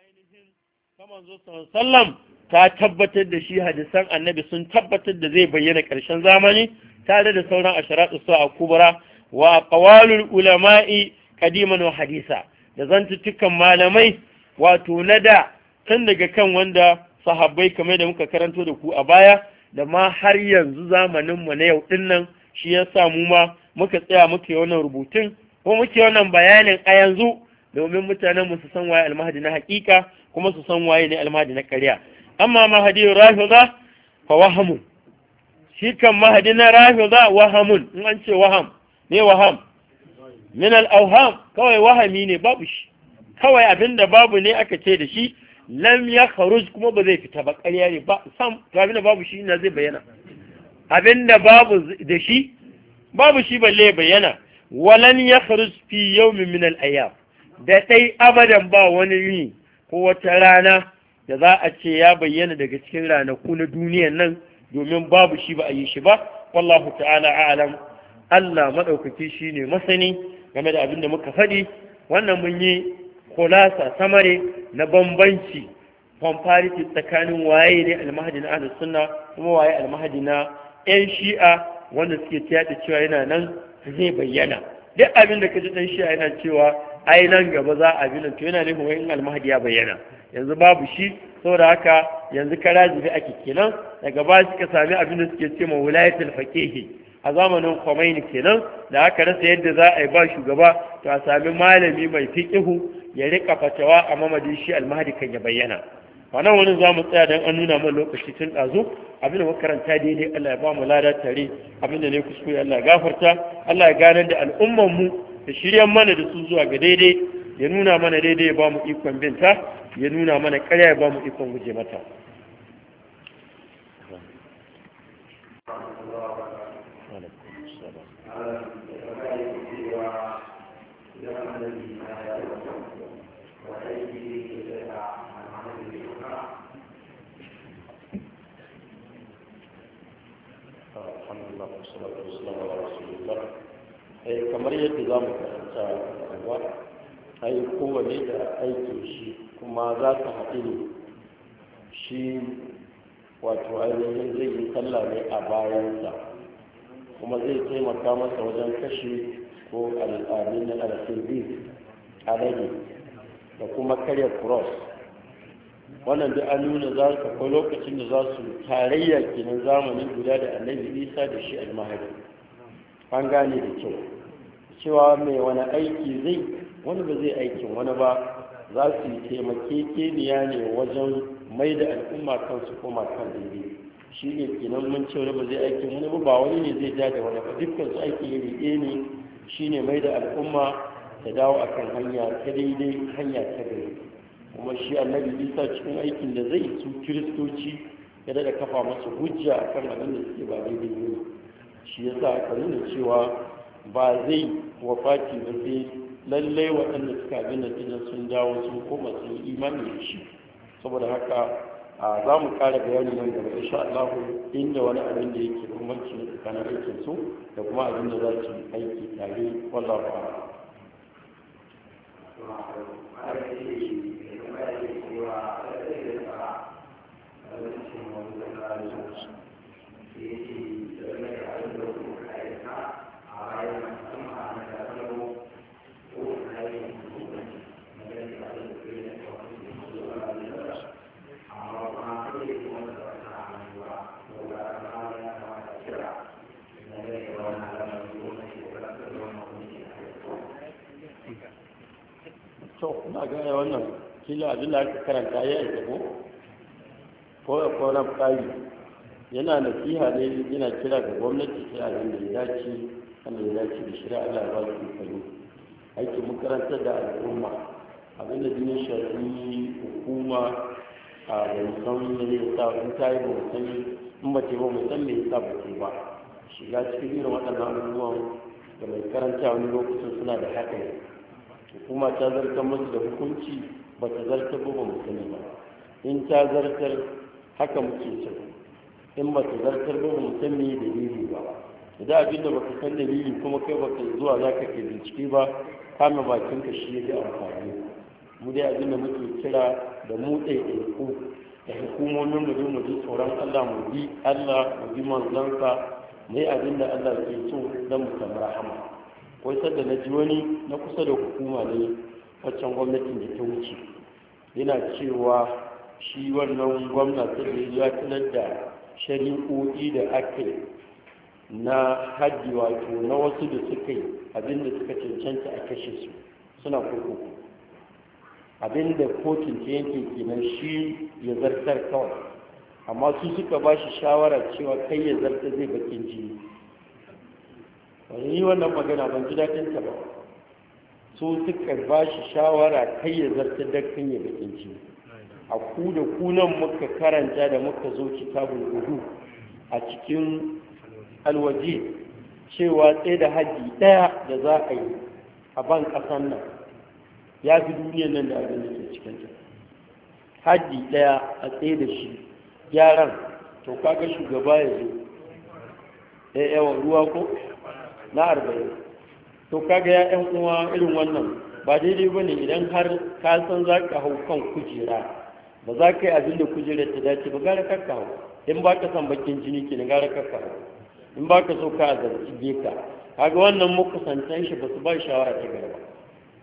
ainihin ta manzo sallam ta tabbatar da shi hadisan annabi sun tabbatar da zai bayyana ƙarshen zamani tare da sauran asharatu su a kubura wa ƙawalul ulama'i qadiman hadisa da zantuttukan malamai wato na da tun daga kan wanda sahabbai kamar da muka karanto da ku a baya da ma har yanzu zamanin mu na yau din nan shi ya sa ma muka tsaya muke wannan rubutun ko muke wannan bayanin a yanzu domin mutanen su san waye almahadi na hakika kuma su san waye ne almahadi na ƙarya amma mahadi rafiza fa wahamun shi kan mahadi na rafiza wahamun in an ce waham ne waham min al-awham kawai wahami ne babu shi kawai abinda babu ne aka ce da shi lam ya kharuj kuma ba zai fita ba ƙarya ne ba sam abinda babu shi ina zai bayyana abinda babu da shi babu shi balle bayyana walan ya kharuj fi yawmin min al-ayyam da ɗai abadan ba wani yi ko wata rana da za a ce ya bayyana daga cikin ranaku na duniyan nan domin babu shi ba a yi shi ba wallahu ta'ala a'lam Allah shi ne masani game da abin da muka faɗi wannan mun yi kulasa samare na bambanci comparity tsakanin waye ne almahadi na ahlus sunna kuma waye almahadi na yan shi'a wanda suke tiyata cewa yana nan zai bayyana duk abin da kaji dan shi'a yana cewa ai nan gaba za a bilin to yana nufin wani almahdi ya bayyana yanzu babu shi saboda haka yanzu jibi ake kenan daga ba suka sami abin da suke ce ma wilayatul faqihi a zamanin Khomeini kenan da haka rasa yadda za a yi ba shugaba to a sami malami mai fiqihu ya rika fatawa a mamadi shi almahdi kan ya bayyana wannan wani za mu tsaya don an nuna mana lokaci tun ɗazu abin da makaranta daidai Allah ya ba mu lada tare abin da ne kuskure Allah ya gafarta Allah ya ganar da al'umman mu ta shirya mana da su zuwa ga daidai ya nuna mana daidai ya ba mu ikon binta ya nuna mana karya ya ba mu ikon guje mata Eh, kamar yadda za mu karanta ba ai kowane da aiki shi kuma za ka haɗu ne shi wato ainihin zai yi sallah ne a bayansa kuma zai taimaka masa wajen kashe ko al'adun na a rage da kuma karya cross wannan da an nuna za su lokacin da za su tarayya kenan zamanin guda da annabi isa da shi almahadi an gane da kyau cewa mai wani aiki zai wani ba zai aikin wani ba za su yi taimakekeniya ne wajen mai da al'umma su koma kan daidai shi ne kenan mun ce wani ba zai aikin wani ba ba wani ne zai ja da wani ba dukkan su aiki ya riƙe ne shi ne mai da al'umma ta dawo a kan hanya ta daidai hanya ta gari kuma shi annabi isa cikin aikin da zai su kiristoci ya daɗa kafa masu hujja akan abin da suke ba daidai ne shi yasa ka nuna cewa ba zai wafaki ba sai lallai waɗanda suka gina cikin sun dawo sun koma sun imani da shi saboda haka a za mu ƙara bayani nan gaba insha Allah inda wani abin da yake bambanci na tsakanin aikin su da kuma abin da za su aiki tare wallahu a'lam to ina gane wannan kila abin aka karanta ya yi ko ko ya kora kayi yana nasiha ne yana kira ga gwamnati kira ga da ya dace kan da ya dace da shirya Allah ba su fahimi aikin makarantar da al'umma abin da jini shafi hukuma a musan ne ya sa in ta yi ba musan in ba ce ba musan ne ya sa ba ce ba shiga cikin irin waɗannan abubuwan da mai karanta wani lokacin suna da haka ne. kuma ta zartar masu da hukunci ba ta zartar ba ba ba in ta zartar haka muke can in ba ta zartar ba ba da yi dalili ba idan abinda ba ka san dalili kuma kai ba ka zuwa za ka ke bincike ba kama bakin ka shi ya amfani mu dai abinda muke kira da mu ɗaiɗaiku da hukumomin mu mu ji tsoron Allah mu bi Allah mu bi manzansa mu yi abinda Allah ke so dan mu samu rahama wai sadda na ji wani na kusa da hukuma ne waccan gwamnatin da ta wuce yana cewa shi wannan gwamna ta da ya tunar da shari'o'i da ake na hajji wato na wasu da suka yi abinda suka cancanta a kashe su suna kurkuku abinda kotun ta yanke kenan shi ya zartar kawai amma su suka ba shi shawara cewa kai ya zarta zai bakin jini yi wannan magana ban ji daɗin ta ba su suka ba shi shawara kai ya zartar da kan ya bakin ci a ku da kunan muka karanta da muka zo kitabun udu a cikin alwaji cewa tsaye da haji ɗaya da za a yi a ban ƙasan nan ya fi duniyar nan da abin da ke cikinta haji ɗaya a tsaye da shi gyaran to kaga shugaba ya zo ɗaya eh, yawan ruwa ko na arba'in to kaga ya yan uwa irin wannan ba daidai ba ne idan har ka san za ka hau kan kujera ba za ka yi abin da kujera ta dace ba gara kakka hau in ba ka san bakin jini ke na gara kakka hau in ba ka so ka zarci ka kaga wannan makusantan shi ba su ba shawara ta gaba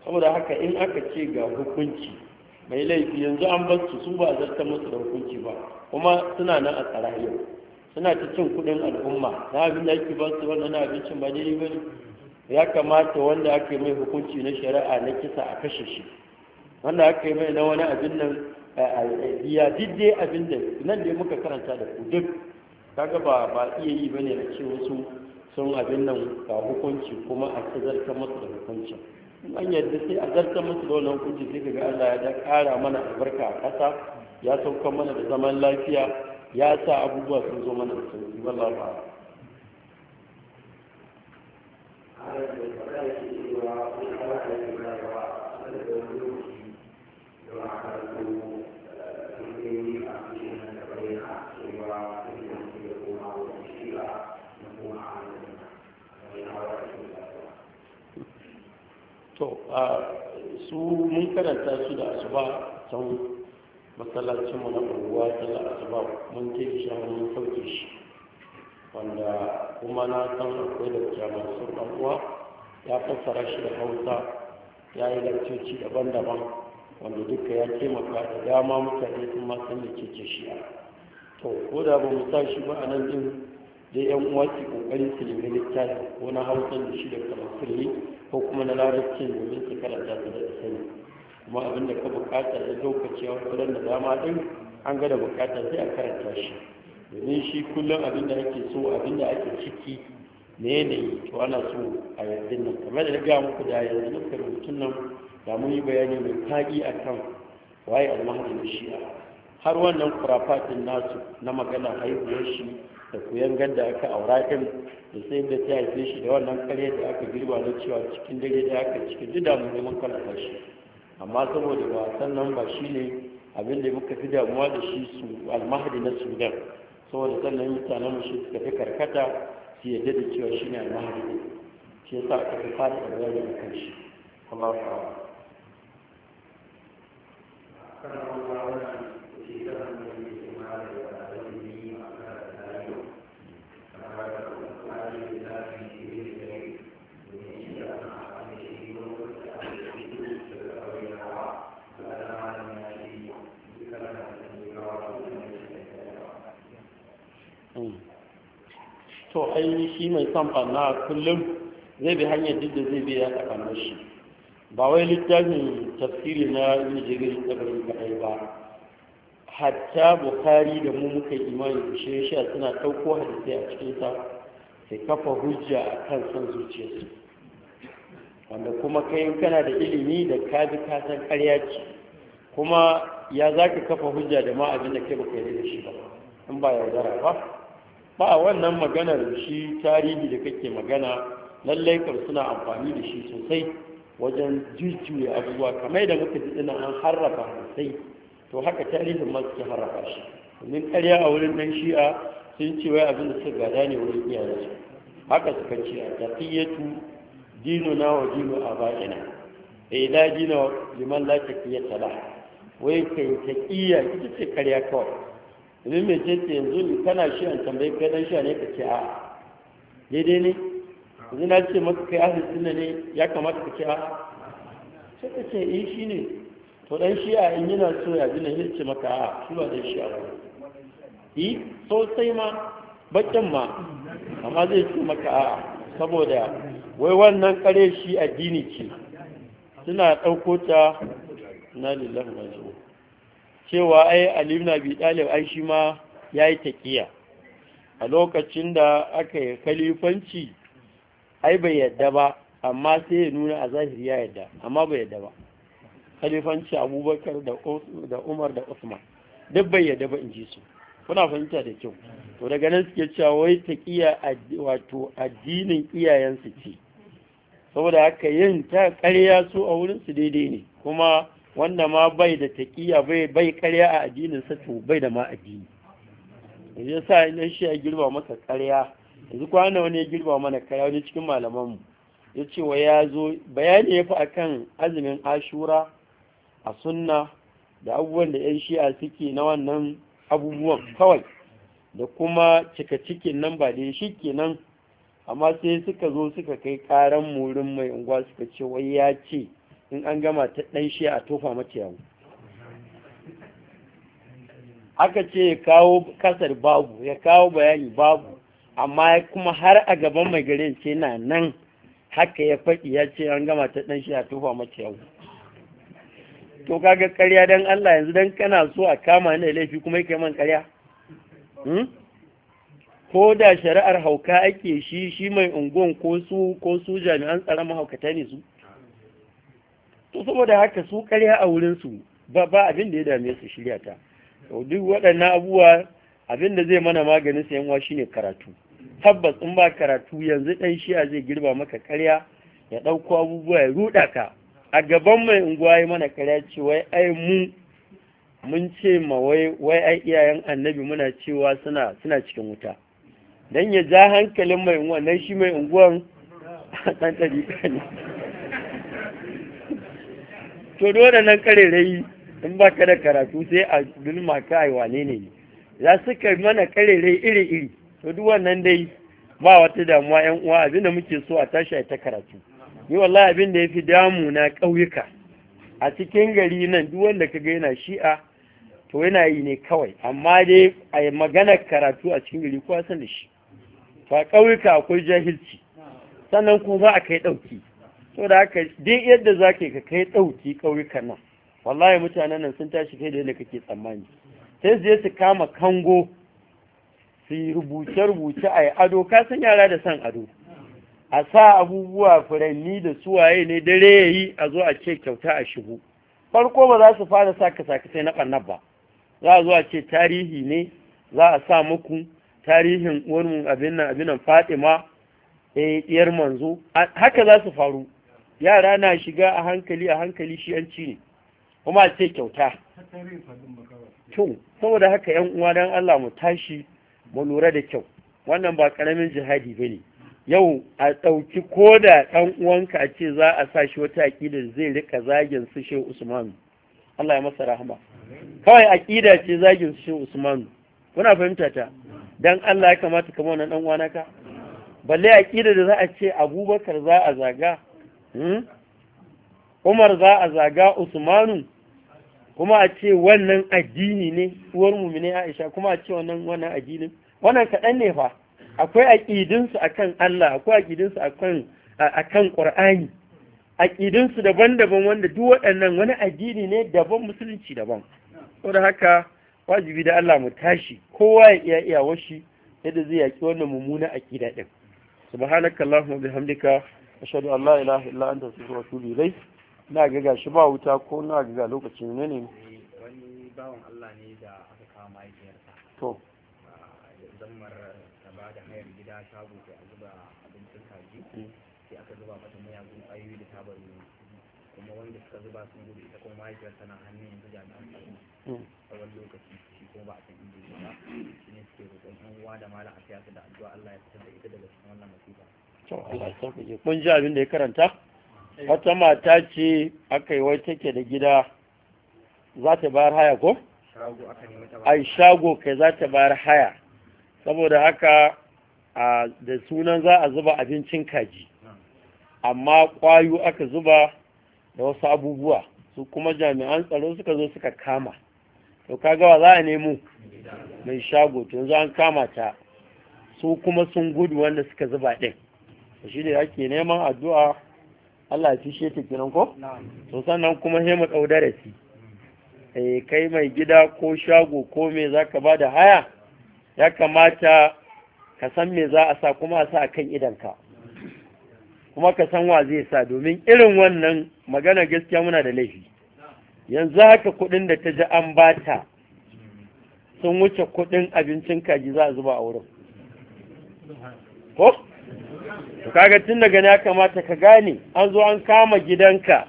saboda haka in aka ce ga hukunci mai laifi yanzu an bar su su ba a zartar musu da hukunci ba kuma suna nan a tsara yau suna ta cin kuɗin al'umma na abin da ake basu wanda na abincin ba daidai ba ne ya kamata wanda aka mai hukunci na shari'a na kisa a kashe shi wanda aka mai na wani abin nan ya didde abin da nan da muka karanta da ku duk kaga ba ba iya yi bane a ce wasu sun abin nan ga hukunci kuma a ta zartar masu da hukunci an yadda sai a zartar masu da wannan hukunci sai ga Allah ya da kara mana albarka a kasa ya sauka mana da zaman lafiya ya sa abubuwa sun zo mana da sauki wallah ba to su mun karanta su da asuba can mu na unguwa sallar asuba mun ke shi mun sauke shi wanda kuma na san akwai da jami'ar sun uwa ya fassara shi da hausa ya yi lakcoci daban-daban wanda duka ya taimaka da dama mutane sun ma san da ke shi to ko da ba mu sa shi ba a nan din dai yan uwa ke kokari su nemi littafi ko na hausa da shi da kamar ko kuma na larabcin domin su karanta su da sani kuma abin da ka bukata ya lokaci a wadannan da dama din an ga da bukata sai a karanta shi domin shi kullum abin da ake so abin da ake ciki ne yanayi to ana so a yanzun nan kamar da ga muku da yanzu muka rubutun nan da mun yi bayani mai faɗi kan waye almahadin shi'a har wannan kurafatin nasu na magana haihuwar shi da koyan ganda aka aura ɗin da sai da ta haife shi da wannan kare da aka girba na cewa cikin dare da aka cikin duk da mun neman shi amma saboda wasan nan ba shi ne abin da muka fi damuwa da shi su almahadi na sudan saboda sannan mutanen mu shi suka fi karkata su yadda da cewa shi ne almahadi ne shi yasa aka fi fara ɗaura da kan shi Allah ta'ala. to ai shi mai son a kullum zai bi hanyar duk da zai biya a banna shi ba wai littafin tafsiri na nijirin tsibirin kaɗai ba hatta bukari da mu muka imani shi sha suna ɗauko hadisai a cikinsa sai kafa hujja a kan son zuciyarsu wanda kuma kai kana da ilimi da ka bi ka san ƙarya ce kuma ya za ka kafa hujja da ma abin da kai baka yi da shi ba in ba yaudara ba ba wannan maganar shi tarihi da kake magana lallai kam suna amfani da shi sosai wajen jujjuya abubuwa kamar da muka ji ina an harrafa sosai to haka tarihin ma suke harrafa shi domin ƙarya a wurin nan shi'a sun ce wai abin da suka gada ne wurin iyayensu haka suka ce a tafiyatu dino na wa dino a ba'ina eh la dino liman la tafiyata la wai kai taqiya ita ce karya kawai domin mai ce yanzu kana shi an tambayi kai dan sha ne ka ce a daidai ne yanzu na ce maka kai ahli sunna ne ya kamata ka ce a sai ka ce in eh, shi ne to dan a in yana so ya ji na ce maka a ah, shi ba dan a ba yi e, sosai ma bakin ma amma zai ce maka a ah, saboda wai wannan kare shi addini ce suna ɗauko ta na lillahi majiyo cewa ai Aliyu na Abi ai shi ma yayi taqiya a lokacin da aka yi kalifanci ai bai yadda ba amma sai ya nuna a zahiri ya yadda amma bai yadda ba Kalifanci Abubakar da Umar da Usman duk bai yadda ba in ji su kuna fahimta da kyau to daga nan suke cewa wai taqiya wato addinin iyayensu ce saboda haka yin ta ƙarya su a wurinsu daidai ne kuma wanda ma bai da taƙiya bai bai ƙarya a sa to bai da ma addini yanzu sa ina shi ya girba masa ƙarya yanzu kwana wani ya girba mana ƙarya wani cikin malamanmu ya ce wa ya zo bayani ya fi akan azumin ashura a sunna da abubuwan da 'yan shi'a suke na wannan abubuwan kawai da kuma cika cikin nan ba da shi kenan amma sai suka zo suka kai karan murin mai unguwa suka ce wai ya ce in an gama ta ɗan shi a tofa mace yawo aka ce ya kawo kasar babu ya kawo bayani babu amma kuma har a gaban mai gare ce na nan haka ya faɗi ya ce an gama ta ɗan shi a tofa mace yawo to kaga karya don Allah yanzu don kana so a kama ni da laifi kuma yake man karya hmm? ko da shari'ar hauka ake shi shi mai unguwan ko su ko su jami'an tsaron mahaukata ne su to saboda haka su karya a wurinsu ba ba abin da ya dame su shirya ta duk waɗannan abubuwa abin da zai mana maganin sayan wa shine karatu tabbas in ba karatu yanzu ɗan shiya zai girba maka karya ya ɗauko abubuwa ya ruɗa ka a gaban mai unguwa ya mana karya ce wai ai mu mun ce ma wai wai ai iyayen annabi muna cewa suna suna cikin wuta dan ya ja hankalin mai unguwa nan shi mai unguwan ɗan ɗari to dole nan rai in ba ka da karatu sai a dulma ka ai wane ne za su ka mana rai iri iri to duk wannan dai ba wata damuwa yan uwa abin da muke so a tashi a ta karatu ni wallahi abin da yafi damu na kauyuka a cikin gari nan duk wanda ka ga yana shi'a to yana yi ne kawai amma dai a magana karatu a cikin gari kowa san da shi to a ƙauyuka akwai jahilci sannan kuma za a kai ɗauki so da haka duk yadda za ka kai ɗauki kauyukan nan wallahi mutanen nan sun tashi kai da yadda kake tsammani sai su je su kama kango su yi rubuce-rubuce a yi ado ka san yara da san ado a sa abubuwa furanni da suwaye ne dare ya yi a zo a ce kyauta a shigo farko ba za su fara sa sai na ɓannar ba za a zo a ce tarihi ne za a sa muku tarihin wani abin nan abin nan fatima eh, ɗiyar manzo haka za su faru yara na shiga a hankali a hankali shi an ci ne kuma ce kyauta Kyau, saboda haka yan uwa don Allah mu tashi mu lura da kyau wannan ba karamin jihadi ba ne. yau a ɗauki ko da ɗan uwanka a ce za a sa shi wata aƙidar zai rika zagin su shi Usman Allah ya masa rahama kawai aƙida ce zagin su shi Usman kuna fahimta ta dan Allah ya kamata kamar wannan ɗan uwana ka balle aƙida da za a ce Abubakar za a zaga Hmm? umar za a zaga usmanu kuma a ce wannan addini ne uwar ne aisha kuma a ce wannan wannan addini wannan kaɗan ne fa akwai aƙidinsu akan Allah akwai aƙidinsu akan akan Qur'ani aƙidinsu daban-daban wanda duk waɗannan wani addini ne daban musulunci daban da haka wajibi da Allah mu tashi kowa ya iya iya washi yadda zai yaki wannan mummunan aƙida din subhanakallahumma bihamdika ashhadu Allah ilaha illa da astaghfiruka wa atubu na gaga shi ba wuta ko na gaga lokacin ne ne eh, wani bawan Allah ne da aka kawo mahaifiyarsa to ah, zammar ta ba da hayar gida shago sai a zuba abincin kaji eh. sai aka zuba mata mayagun ayoyi da tabar kuma wanda suka zuba sun gudu ita kuma mahaifiyar tana hannun yanzu jami'an tsaro eh. wani lokaci shi ko ba a san inda ba shi ne suke roƙon yan uwa da malam a siyasa da addu'a Allah ya fitar da ita daga cikin wannan masifa kun ji abin da ya karanta wata mata ce aka yi wai take da gida za ta bayar haya ko? ai shago kai za ta bayar haya saboda haka da sunan za a zuba abincin kaji amma kwayo aka zuba da wasu abubuwa su kuma jami'an tsaro suka zo suka kama to kagawa za a nemo mai shago tun za an kama ta su kuma sun gudu wanda suka zuba ɗin shi ne ake neman addu'a Allah fi shi ta kinan ko? to sannan kuma hemu ɗau darasi E, kai mai gida ko shago ko me za ka ba da haya ya kamata ka san me za a sa kuma a sa a kan idanka kuma ka san wa zai sa domin irin wannan magana gaskiya muna da laifi yanzu haka kuɗin da ta ji an bata sun wuce kuɗin abincin kaji za a zuba a wurin to kaga tun daga ya kamata ka gane an zo an kama gidanka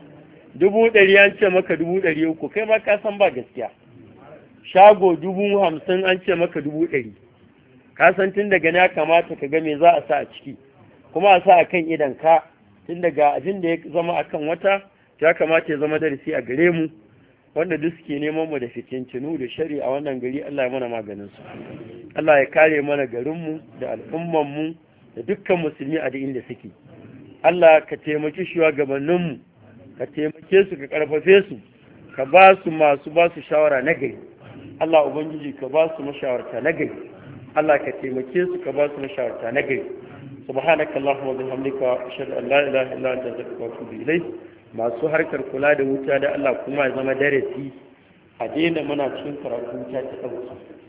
dubu ɗari an ce maka dubu ɗari uku kai ma ka san ba gaskiya shago dubu hamsin an ce maka dubu ɗari ka san tun daga ya kamata ka ga me za a sa a ciki kuma a sa a kan idan ka tun daga abin da ya zama a kan wata ya kamata ya zama darasi a gare mu wanda duk suke neman mu da fitintinu da shari a wannan gari Allah ya mana maganin su Allah ya kare mana garinmu da al'ummanmu mu da dukkan musulmi a da inda suke Allah ka taimaki shugabanninmu ka taimake su ka karfafe su ka ba su masu ba su shawara na gari Allah ubangiji ka ba su mashawarta na gari Allah ka taimake su ka ba su mashawarta na gari subhanaka allahumma wa bihamdika ashhadu an la ilaha illa anta astaghfiruka wa atubu ilayk masu harkar kula da wuta da Allah kuma ya zama darasi a daina muna cikin karatu ta ta ɗauki